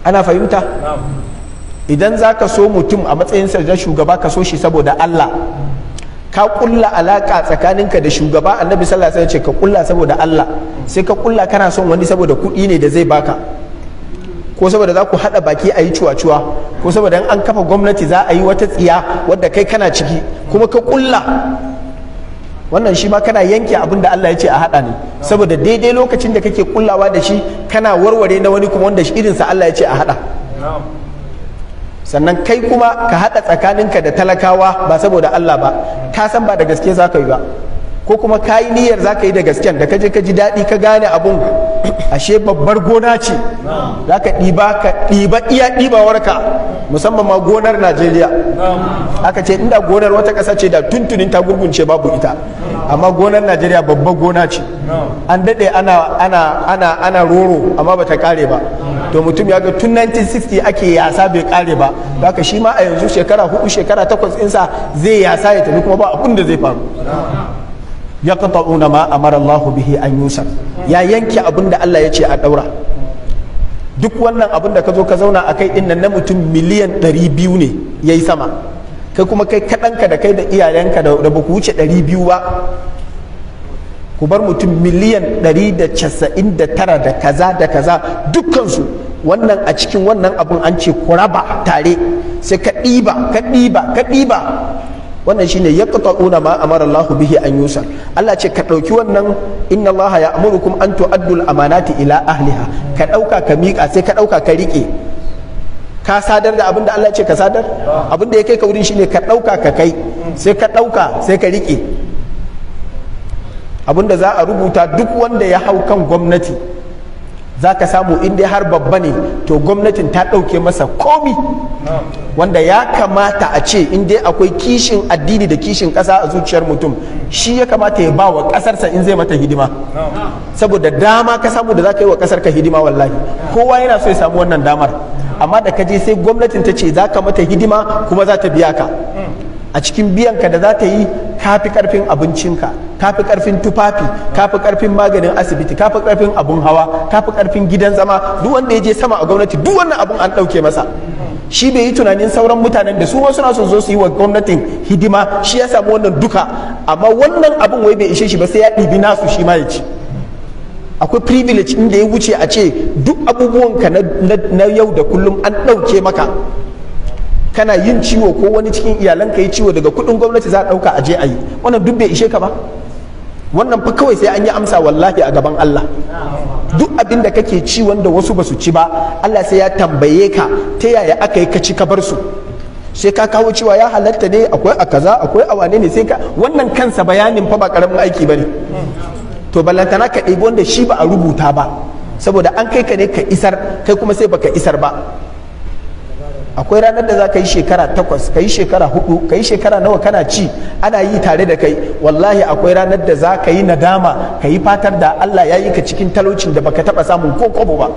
ana fahimta idan zaka so mutum a matsayin sa shugaba ka so shi saboda Allah ka kulla alaka tsakaninka da shugaba annabi sallallahu alaihi wasallam ce ka kulla saboda Allah sai ka kulla kana son wani saboda kuɗi ne da zai baka ko saboda za ku haɗa baki a yi cuwa-cuwa ko saboda in an kafa gwamnati za a yi wata tsiya wadda kai kana ciki kuma ka kulla wannan shi ma kana yanke abin da Allah ya ce a hada ne saboda daidai lokacin da kake kullawa da shi kana warware na wani kuma wanda irinsa Allah ya ce a haɗa sannan kai kuma ka haɗa tsakaninka da talakawa ba saboda Allah ba ka san ba da gaske za ka yi ba ko kuma ka yi niyyar za ka yi da gasken da kaje ka ji daɗi ka gane abun ashe babbar gona ce za ka ɗiba ka ɗiba iya musamman ma gonar najeriya aka ce inda gonar wata ƙasa ce da tuntunin ta gurgunce babu ita amma gonar najeriya babbar gona ce an daɗe ana ana ana roro amma bata ƙare ba to mutum ya ga tun 1960 ake yasa bai ƙare ba haka shi ma a yanzu shekara hudu shekara takwas insa zai yasa ya tafi kuma ba abin da zai faru Ya una ma amara Allah bihi an yusar ya yanke abin da Allah ya ce a daura duk wannan abin da ka zo ka zauna a kai inda na mutum miliyan 200 ne ya yi sama kai kuma kai kaɗanka da kai da iyayenka da ba ku wuce 200 ba ku bar mutum miliyan 199 da kaza da kaza dukkansu wannan a cikin wannan abin an ce ku raba tare sai ka ɗiba ka ɗiba ka ɗiba wannan shine yaqta'una ma amara Allah bihi an yusar Allah ce ka dauki wannan inna Allah ya'murukum an tu'addu al-amanati ila ahliha ka dauka ka miƙa sai ka dauka ka rike ka sadar da abin da Allah ce ka sadar abin da ya kai ka wurin shine ka dauka ka kai sai ka dauka sai ka rike abin da za a rubuta duk wanda ya hau kan gwamnati za ka samu inda har babba ne to gwamnatin ta ɗauke masa komi wanda ya kamata a ce inda akwai kishin addini da kishin ƙasa a zuciyar mutum shi ya kamata ya ba wa ƙasarsa in zai mata hidima saboda dama ka samu da za ka yi wa ƙasar ka hidima wallahi kowa yana so ya samu wannan damar amma da ka je sai gwamnatin ta ce za ka mata hidima kuma za ta biya ka a cikin biyan ka da za ta yi kafi karfin abincinka kafi karfin tufafi kafi karfin maganin asibiti kafi karfin abun hawa kafi karfin gidan zama duk wanda ya je sama a gwamnati duk wannan abun an ɗauke masa shi bai yi tunanin sauran mutanen da su ma suna son zo su yi wa gwamnatin hidima shi ya samu wannan duka amma wannan abun wai bai ishe shi ba sai ya ɗibi nasu shi ma ya ci akwai privilege inda ya wuce a ce duk abubuwan ka na yau da kullum an ɗauke maka kana yin ciwo ko wani cikin iyalanka yi ciwo daga kudin gwamnati za a dauka je a yi wannan duk bai ishe ka ba wannan fa kawai sai an yi amsa wallahi a gaban Allah duk abin da kake ci wanda wasu basu ci ba Allah sai ya tambaye ka ta yaya aka yi ka ci ka bar su sai ka kawo cewa ya halatta ne akwai a kaza akwai a wane ne sai ka wannan kansa bayanin fa ba karamin aiki bane to ballantana ka ɗebi wanda shi ba a rubuta ba saboda an kai ka ne ka isar kai kuma sai baka isar ba akwai ranar da za ka yi shekara takwas ka yi shekara hudu ka yi shekara nawa kana ci ana yi tare da kai wallahi akwai ranar da za ka yi nadama ka yi fatar da allah ya yi ka cikin talocin da baka taba samun ko kobo ba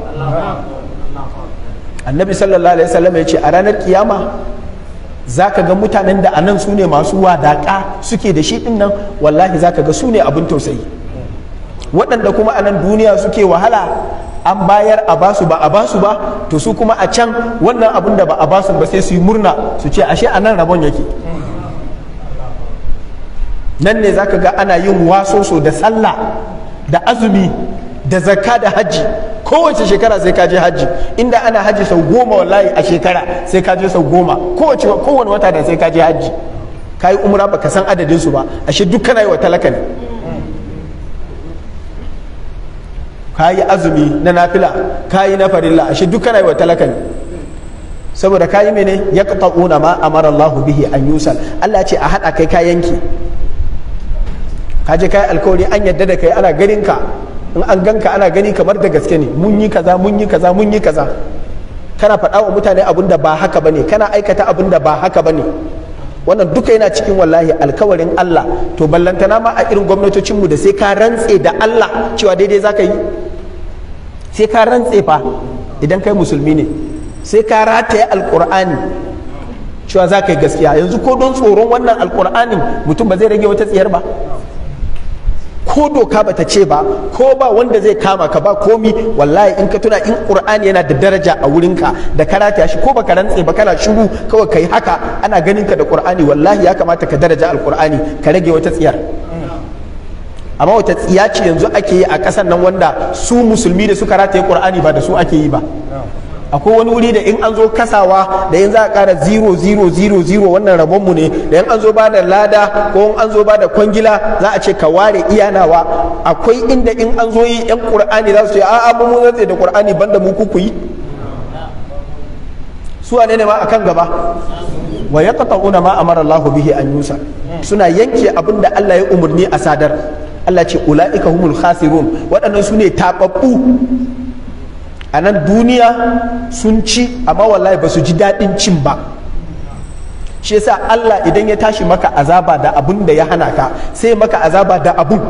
annabi sallallahu alaihi wasallam ya ce a ranar kiyama za ka ga mutanen da anan su ne masu wadaka suke da shi ɗin nan wallahi za ka ga su ne abin tausayi waɗanda kuma anan duniya suke wahala an bayar a basu ba a basu ba to su kuma a can wannan abun da ba a basu ba sai su yi murna su ce ashe a nan rabon yake nan ne zaka ga ana yin wasoso da sallah da azumi da zakka da hajji kowace shekara sai ka je hajji inda ana hajji sau goma wallahi a shekara sai ka je sau goma kowace kowane wata da sai ka je hajji ka yi umra baka san adadin su ba ashe duk kana yi wa talaka ne ka yi azumi na nafila ka yi na farilla ashe duk kana yi wa talaka ne saboda ka yi mene ya una ma amara Allahu bihi an yusal Allah ce a haɗa kai ka yanki ka je kai alkawari an yadda da kai ana ganin ka in an ganka ana gani kamar da gaske ne mun yi kaza mun yi kaza mun yi kaza kana faɗa wa mutane abin da ba haka bane kana aikata abin da ba haka bane wannan duka yana cikin wallahi alkawarin Allah to ballantana ma a irin gwamnatocinmu da sai ka rantse da Allah cewa daidai za ka yi sai ka rantse fa idan kai musulmi ne sai ka rataye alkur'ani cewa za ka yi gaskiya yanzu ko don tsoron wannan alkur'anin mutum ba zai rage wata tsiyar ba ko doka ba ta ce ba ko ba wanda zai kama ka ba komi wallahi in ka tuna in qur'ani yana da daraja a wurinka da ka rataya shi ko ba ka rantse ba kana shiru kawai kai haka ana ganin ka da qur'ani wallahi ya kamata ka daraja alqur'ani ka rage wata tsiyar amma wata tsiya ce yanzu ake yi a ƙasar nan wanda su musulmi da suka rataye Kur'ani ba da su ake yi ba akwai wani wuri da in an zo kasawa da in za a ƙara 0000 wannan rabonmu ne da in an zo ba da lada ko in an zo ba da kwangila za a ce ka ware iyanawa akwai inda in an zo yi yan za su ce a'a mu zai da qur'ani banda mu kuku yi su ne ne ma akan gaba wa yaqta'una ma amara Allahu bihi an yusa suna yanke abin da Allah ya umarni a sadar Allah ce ula'ika humul khasirun waɗannan su ne taɓaɓɓu a nan duniya sun ci amma wallahi ba su ji daɗin cin ba shi yasa Allah idan ya tashi maka azaba da abun da ya hana ka sai maka azaba da abun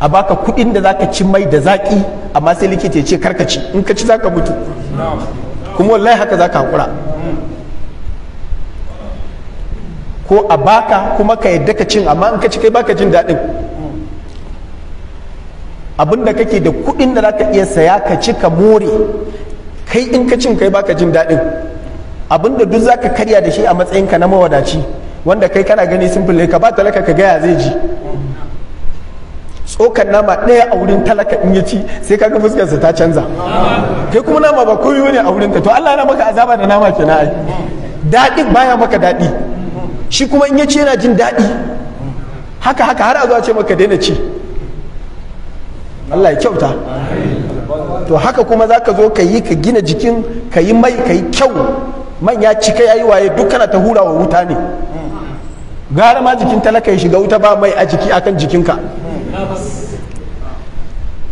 a baka kuɗin da zaka ci mai da zaƙi amma sai likita ya ce karkaci in ka ci zaka mutu kuma wallahi haka zaka haƙura ko a baka kuma ka yadda ka cin amma in ka ci kai baka jin daɗin abinda kake da kuɗin da zaka iya saya ka ci ka more kai in ka cin kai baka jin daɗin abinda duk zaka karya da shi a ka na mawadaci wanda kai kana gani simple ka ba talaka ka gaya zai ji tsokan nama ɗaya a wurin talaka in ya ci sai kaga fuskarsa ta canza kai kuma nama ba koyo ne a wurin ta to Allah yana maka azaba da nama kenan ai daɗin baya maka daɗi shi kuma in ya yana jin daɗi haka haka har a zuwa ce maka daina ci Allah ya kyauta to haka kuma za ka zo ka yi ka gina jikin ka yi mai ka yi kyau manya cika ya yi waye duk ta hura wa wuta ne gara ma jikin talaka ya shiga wuta ba mai a jiki akan jikinka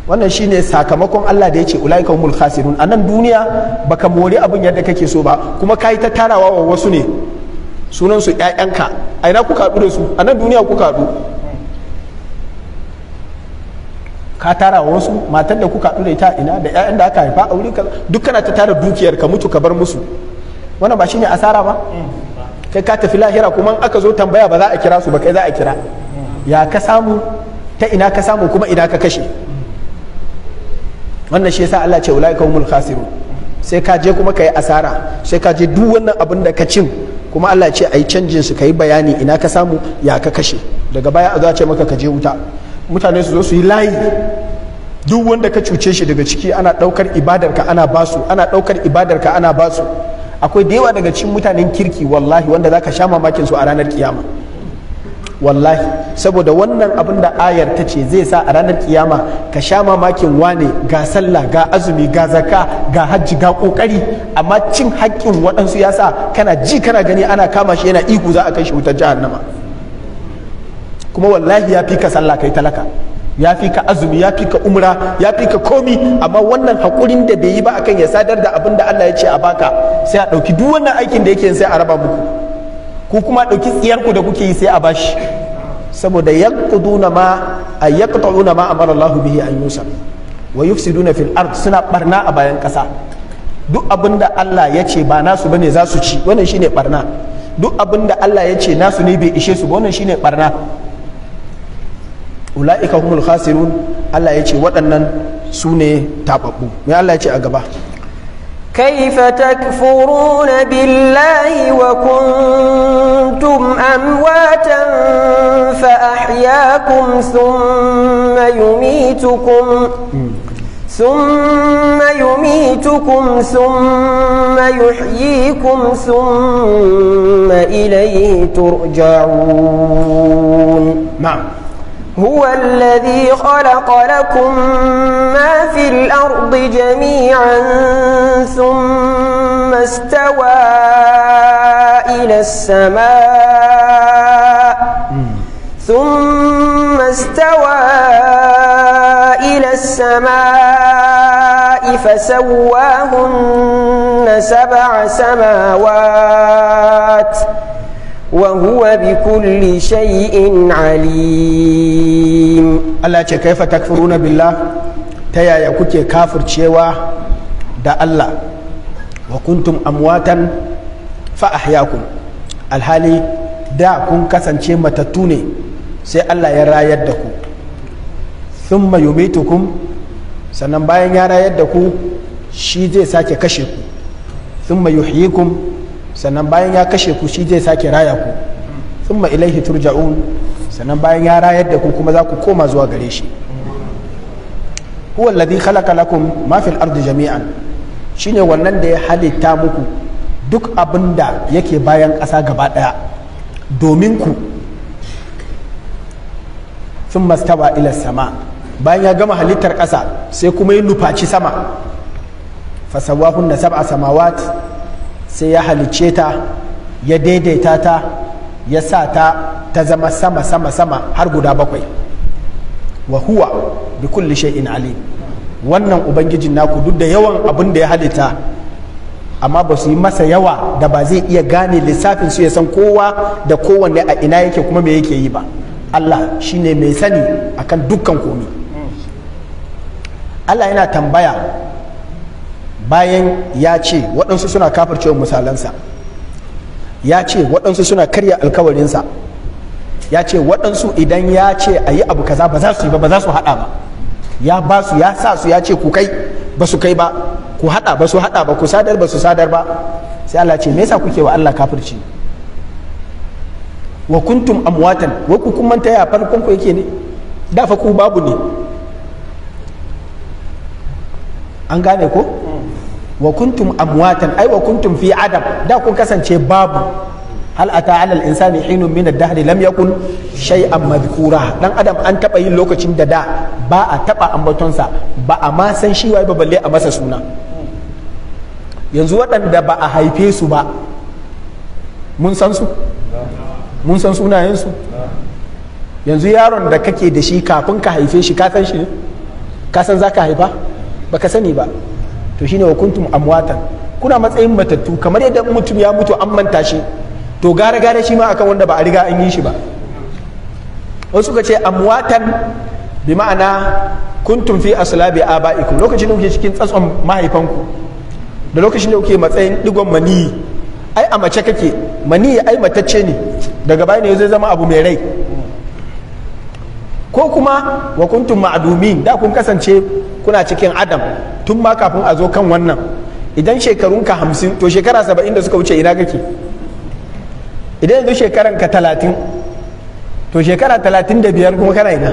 wannan shine sakamakon Allah da ya ce ulaika humul khasirun a nan duniya baka mori abin yadda kake so ba kuma ka yi ta tarawa wa wasu ne sunansu ƴaƴanka a ina kuka haɗu da su a nan duniya kuka haɗu ka tara wasu matan da kuka haɗu da ita ina da ƴaƴan da aka haifa a wuri duk kana ta tara dukiyar ka mutu ka bar musu wannan ba shine asara ba kai ka tafi lahira kuma aka zo tambaya ba za a kira su ba kai za a kira ya ka samu ta ina ka samu kuma ina ka kashe wannan shi yasa Allah ce ulaika humul khasirun sai ka je kuma ka yi asara sai ka je duk wannan abin da ka cin kuma Allah ce ai canjin su kai bayani ina ka samu ya ka kashe daga baya a ce maka ka je wuta mutane su zo su yi layi duk wanda ka cuce shi daga ciki ana daukar ibadarka ana basu ana daukar ibadarka ana basu akwai da yawa daga cikin mutanen kirki wallahi wanda zaka sha mamakin su a ranar kiyama wallahi saboda wannan abin da ayar ta ce zai sa a ranar kiyama ka sha mamakin wane ga sallah ga azumi ga zaka ga hajji ga kokari amma cin haƙƙin waɗansu ya sa kana ji kana gani ana kama shi yana ihu za a kai shi wutar nama. kuma wallahi ya fi ka sallah kai talaka ya fi ka azumi ya fi ka umra ya fi ka komi amma wannan haƙurin da bai yi ba akan ya sadar da abin da Allah ya ce a baka sai a ɗauki duk wannan aikin da yake sai a raba muku ku kuma ɗauki tsiyarku da kuke yi sai a bashi saboda yaqtuduna ma ay yaqta'una ma mara Allahu bihi an yusa wa yufsiduna fil ard suna barna a bayan ƙasa duk abinda Allah ya ce ba nasu bane za su ci wannan shine barna duk abinda Allah ya ce nasu ne bai ishe su ba wannan shine barna ula'ika humul khasirun Allah ya ce waɗannan su ne tababbu me Allah ya ce a gaba كيف تكفرون بالله وكنتم أمواتا فأحياكم ثم يميتكم ثم يميتكم ثم يحييكم ثم إليه ترجعون نعم هو الذي خلق لكم ما في الأرض جميعا ثم استوى إلى السماء ثم استوى إلى السماء فسواهن سبع سماوات وهو بكل شيء عليم الله ce kaifa takfuruna billah ta yaya kuke kafircewa da Allah wa kuntum amwatan fa ahyakum alhali da kun kasance matattu ne sai Allah ya rayar da ku thumma yumitukum sannan bayan ya rayar da ku shi zai sake kashe ku thumma yuhyikum sannan bayan ya kashe ku shi zai sake raya ku thumma ilaihi turja'un sannan bayan ya rayar da ku kuma za ku koma zuwa gare shi huwa alladhi khalaqa lakum ma fil ardi jami'an shine wannan da ya halitta muku duk abin da yake bayan ƙasa gaba ɗaya domin ku sun mastawa ila sama bayan ya gama halittar ƙasa sai kuma yi nufaci sama fasawahun na sab'a samawat sai ya halicce ta ya daidaita ta ya sa ta ta zama sama sama sama har guda bakwai wa huwa bi kulli shay'in ali wannan ubangijin naku duk da yawan abin da ya halitta amma ba su yi masa yawa da ba zai iya gane lissafin su ya san kowa da kowanne a ina yake kuma me yake yi ba Allah shine mai sani akan dukkan komi Allah yana tambaya bayan ya ce waɗansu suna cewa misalansa ya ce waɗansu suna karya alkawarinsa ya ce waɗansu idan ya ce a yi abu kaza ba za su yi ba ba za su haɗa ba ya ba su ya sa su ya ce ku kai ba su kai ba ku haɗa ba su haɗa ba ku sadar ba su sadar ba sai Allah ce me yasa kuke wa Allah kafirci wa kuntum amwatan wa ku kun manta ya farkon ku yake ne da fa ku babu ne an gane ko wa kuntum amwatan ai wa kuntum fi adam da kun kasance babu hal ata ala al insani hinu min ad-dahr lam yakun shay'an madhkura dan adam an taba yin lokacin da da ba a taba ambatonsa ba a ma san shi wai ba balle a masa suna yanzu waɗanda ba a haife su ba mun san su mun san sunayen su yanzu yaron da kake da shi kafin ka haife shi ka san shi ne ka san zaka haifa baka sani ba to shine wa kuntum amwatan kuna matsayin matattu kamar yadda mutum ya mutu an manta shi to gara gara shi ma akan wanda ba a riga an yi shi ba wasu suka ce amwatan bi ma'ana kuntum fi aslabi aba'ikum lokacin da kuke cikin tsatson mahaifanku da lokacin da kuke matsayin digon maniyi ai a mace kake maniyi ai matacce ne daga baya ne zai zama abu mai rai ko kuma wa kuntum ma'adumin da kun kasance kuna cikin adam tun ma kafin a zo kan wannan idan shekarun ka hamsin to shekara saba'in da suka wuce ina kake idan yanzu ka talatin to shekara talatin da biyar kuma kana ina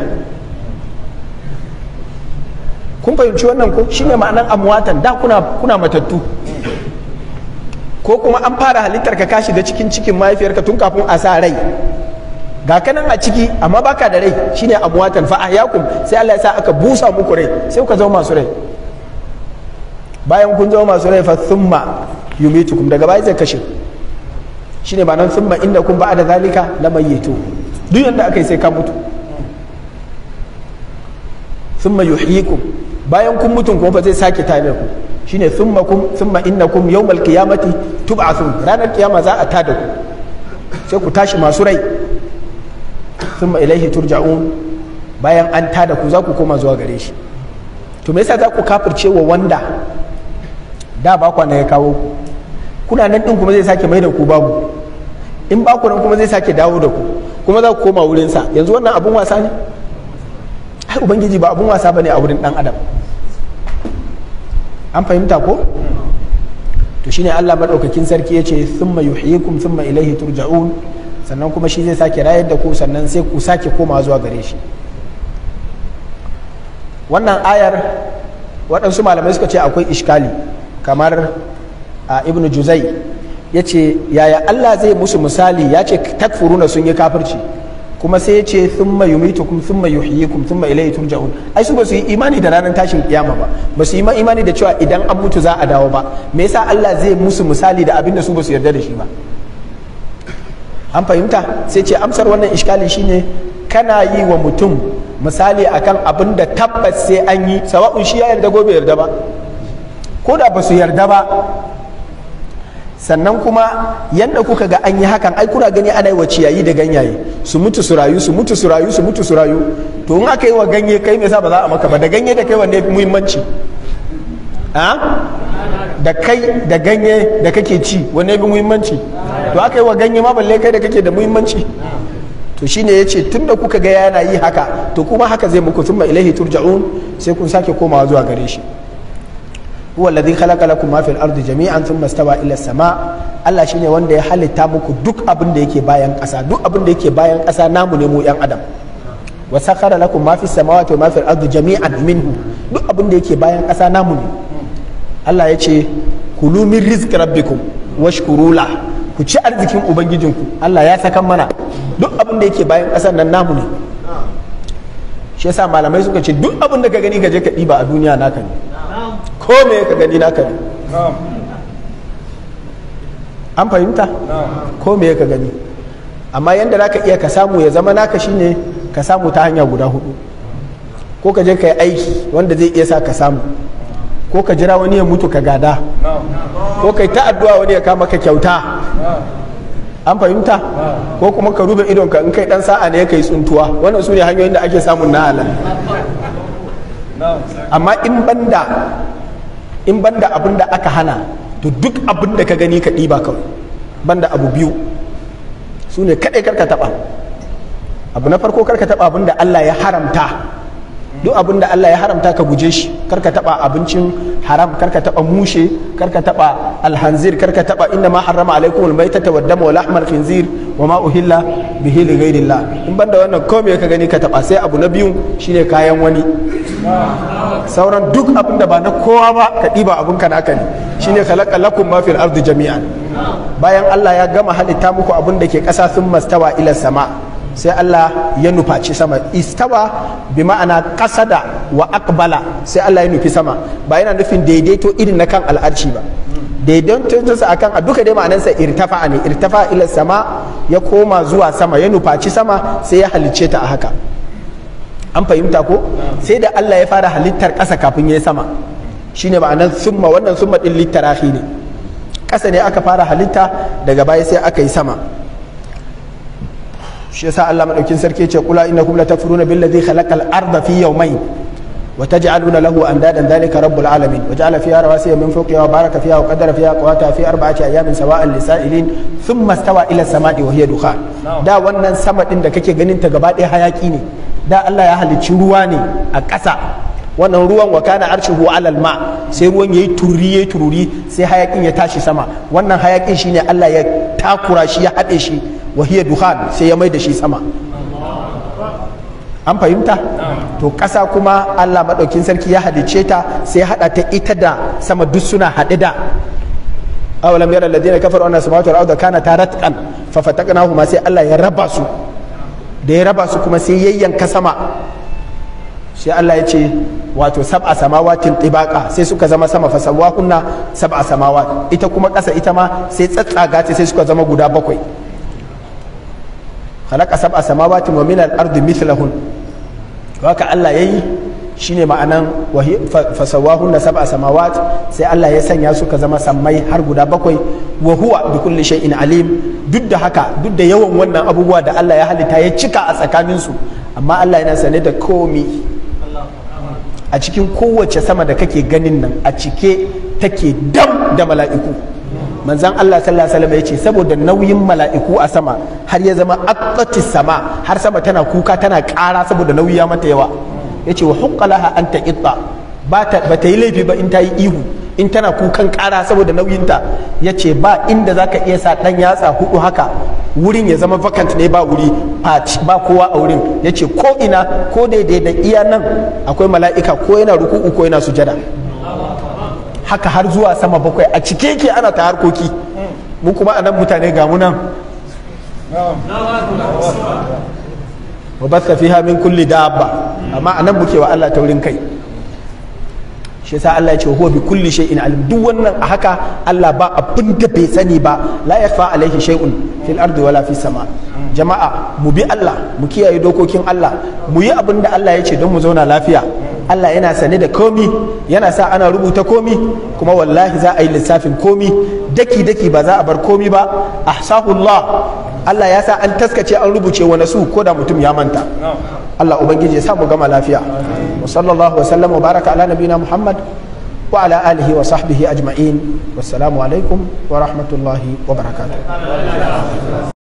kun fahimci wannan ko shine ma'anar amuwatan da kuna kuna matattu ko kuma an fara halittar ka kashi da cikin cikin mahaifiyarka tun kafin a sa rai ga nan a ciki amma baka da rai shine amwatan fa ahyakum sai Allah ya sa aka busa muku rai sai ku zama masu rai bayan kun zama masu rai fa thumma yumitukum daga baya zai kashe shine ba nan thumma innakum da zalika lamayyitu duk yanda aka yi sai ka mutu thumma yuhyikum bayan kun mutun kuma fa zai sake tame ku shine thumma kum thumma innakum yawmal qiyamati tub'athun ranar kiyama za a tada ku sai ku tashi masu rai thumma ilaihi turja'un bayan an tada ku za ku koma zuwa gare shi to me yasa za ku kafirce wa wanda da ba ku ya kawo ku kuna nan din kuma zai sake mai da ku babu in ba ku nan kuma zai sake dawo da ku kuma za ku koma wurinsa yanzu wannan abun wasa ne ai ubangiji ba abun wasa bane a wurin dan adam an fahimta ko to shine Allah madaukakin sarki yace thumma yuhyikum thumma ilaihi turja'un sannan kuma shi zai sake rayar da ku sannan sai ku sake koma zuwa gare shi wannan ayar waɗansu malamai suka ce akwai ishkali kamar a Ibn juzai ya ce yaya allah zai musu misali ya ce takfuruna sun yi kafirci kuma sai ya ce thumma kuma sun mayu ilai tun jahun ai su ba su yi imani da ranar tashin kiyama ba ba su yi imani da cewa idan an mutu za a dawo ba me yasa Allah zai musu misali da abin da su ba su yarda da shi ba an fahimta sai ce amsar wannan ishkali shine kana yi wa mutum misali akan abin da tabbas sai an yi sawa'un shi ya yarda gobe yarda ba ko da ba su yarda ba sannan kuma yadda kuka ga an yi hakan ai kuna gani ana yi wa ciyayi da ganyaye su mutu su rayu su mutu su rayu su mutu su rayu to in aka yi wa ganye kai me sa ba za a maka ba da ganye da kai wanne muhimmanci da kai da ganye da kake ci wani abin muhimmanci to aka yi wa ganye ma balle kai da kake da muhimmanci to shine ya ce tun da kuka gaya yana yi haka to kuma haka zai muku thumma ilaihi turja'un sai kun sake komawa zuwa gare shi huwa alladhi khalaqa lakum ma fil ardi jami'an thumma stawa ila sama Allah shine wanda ya halitta muku duk abin da yake bayan kasa duk abin da yake bayan kasa namu ne mu yan adam wa sakhara lakum ma fis samawati wa ma fil ardi jami'an minhu duk abin da yake bayan kasa namu ne Allah ya ce kulu min rizq rabbikum washkurula ku ci arzikin ubangijinku Allah ya saka mana duk abin da yake bayan ƙasar nan namu ne shi yasa malamai suka ce duk abin da ka gani ka je ka ɗiba a duniya naka ne ko me ka gani naka ne an fahimta ko me ka gani amma yanda zaka iya ka samu ya zama naka shine ka samu ta hanya guda hudu ko ka je ka yi aiki wanda zai iya sa ka samu ko ka jira wani ya mutu ka gada ko kai ta addu'a wani ya kama ka kyauta an fahimta ko kuma ka rube idonka in kai dan sa'a ne kai tsuntuwa wannan su ne hanyoyin da ake samun na halal amma in banda in banda abin da aka hana to duk abin da ka gani ka ɗiba kawai banda abu biyu su ne kaɗai karka taɓa abu na farko karka taɓa abin da Allah ya haramta duk abin da Allah ya haramta ka guje shi karka taba abincin haram karka taba mushe karka taba alhanzir karka taba inna ma harrama alaikum almaitata wad wal lahmal khinzir wa ma uhilla bihi li ghairillah in banda wannan komai ka gani ka taba sai abu na biyu shine kayan wani sauran duk abin da ba na kowa ba ka diba abin ka naka ne shine khalaqa lakum ma fil ardi jami'an bayan Allah ya gama halitta muku abin da ke kasa sun mastawa ila sama' sai Allah ya nufaci sama istawa bi ma'ana kasada wa akbala sai Allah ya nufi sama ba yana nufin daidaito irin na kan al'arci ba daidaitonsa akan a duka dai ma'anansa irtafa ne irtafa ila sama ya koma zuwa sama ya nufaci sama sai ya halicce ta a haka an fahimta ko sai da Allah ya fara halittar kasa kafin ya yi sama shine ma'anan summa wannan summa din littarafi ne kasa ne aka fara halitta daga baya sai aka yi sama shi yasa Allah madaukin sarki ce kula innakum latakfuruna billazi khalaqal arda fi yawmayn wa taj'aluna lahu andadan dhalika rabbul alamin wa ja'ala fiha rawasiya min fawqiha wa baraka fiha wa qaddara fiha qawata fi arba'ati ayamin sawa'an lisa'ilin thumma stawa ila samai wa hiya dukhan da wannan sama din da kake ganin ta gaba ɗaya hayaki ne da Allah ya halicci ruwa ne a ƙasa wannan ruwan wa kana arshuhu alal ma sai ruwan yayi tururi yayi tururi sai hayakin ya tashi sama wannan hayakin shine Allah ya takura shi ya haɗe shi wahiya duhan sai ya mai da shi sama an fahimta to ƙasa kuma allah maɗaukin sarki ya hadice ta sai haɗa ta ita da sama duk suna haɗe da awalam yara alladhina kafar anna samawati wal arda kana taratqan fa kuma sai allah ya raba su da ya raba su kuma sai yayyanka sama sai Allah ya ce wato sab'a samawatin tibaqa sai suka zama sama fasawa kunna sab'a samawat ita kuma ƙasa ita ma sai tsatsaga ce sai suka zama guda bakwai khalaqa sab'a samawati wa min al-ardi mithlahun haka Allah yayi shine ma'anan na sab'a samawat sai Allah ya sanya su ka zama sammai har guda bakwai wa huwa bi kulli shay'in alim duk da haka duk da yawan wannan abubuwa da Allah ya halitta ya cika a tsakanin su amma Allah yana sane da komi a cikin kowace sama da kake ganin nan a cike take dam da mala'iku manzan Allah sallallahu alaihi wasallam ya ce saboda nauyin mala'iku a sama har ya zama aqati sama har sama tana kuka tana ƙara saboda nauyi ya mata yawa yace wa huqqalaha an taqitta ba ta ba ta yi laifi ba in ta yi ihu in tana kukan ƙara saboda nauyin nauyinta yace ba inda zaka iya sa dan yatsa hudu haka wurin ya zama vacant ne ba wuri ba kowa a wurin yace ko ina ko daidai da iya nan akwai mala'ika ko yana ruku'u ko yana sujada haka har zuwa sama bakwai a cike ke ana ta harkoki mu kuma a nan mutane ga mu nan wa basta fi min kulli da amma a nan muke wa Allah taurin kai shi yasa Allah ya ce huwa bi kulli shay'in alim duk wannan a haka Allah ba abin da bai sani ba la yakhfa alaihi shay'un fil ardi wala fis sama jama'a mu bi Allah mu kiyaye dokokin Allah mu yi abin da Allah ya ce don mu zauna lafiya Allah yana sane da komi yana sa ana rubuta komi kuma wallahi za a yi lissafin komi daki daki ba za a bar komi ba ahsahullah Allah ya sa an taskace an rubuce wani su ko da mutum ya manta Allah ubangiji ya sa mu gama lafiya wa sallallahu wa sallam wa baraka ala nabina Muhammad wa ala alihi wa sahbihi ajma'in wassalamu alaikum wa rahmatullahi wa barakatuh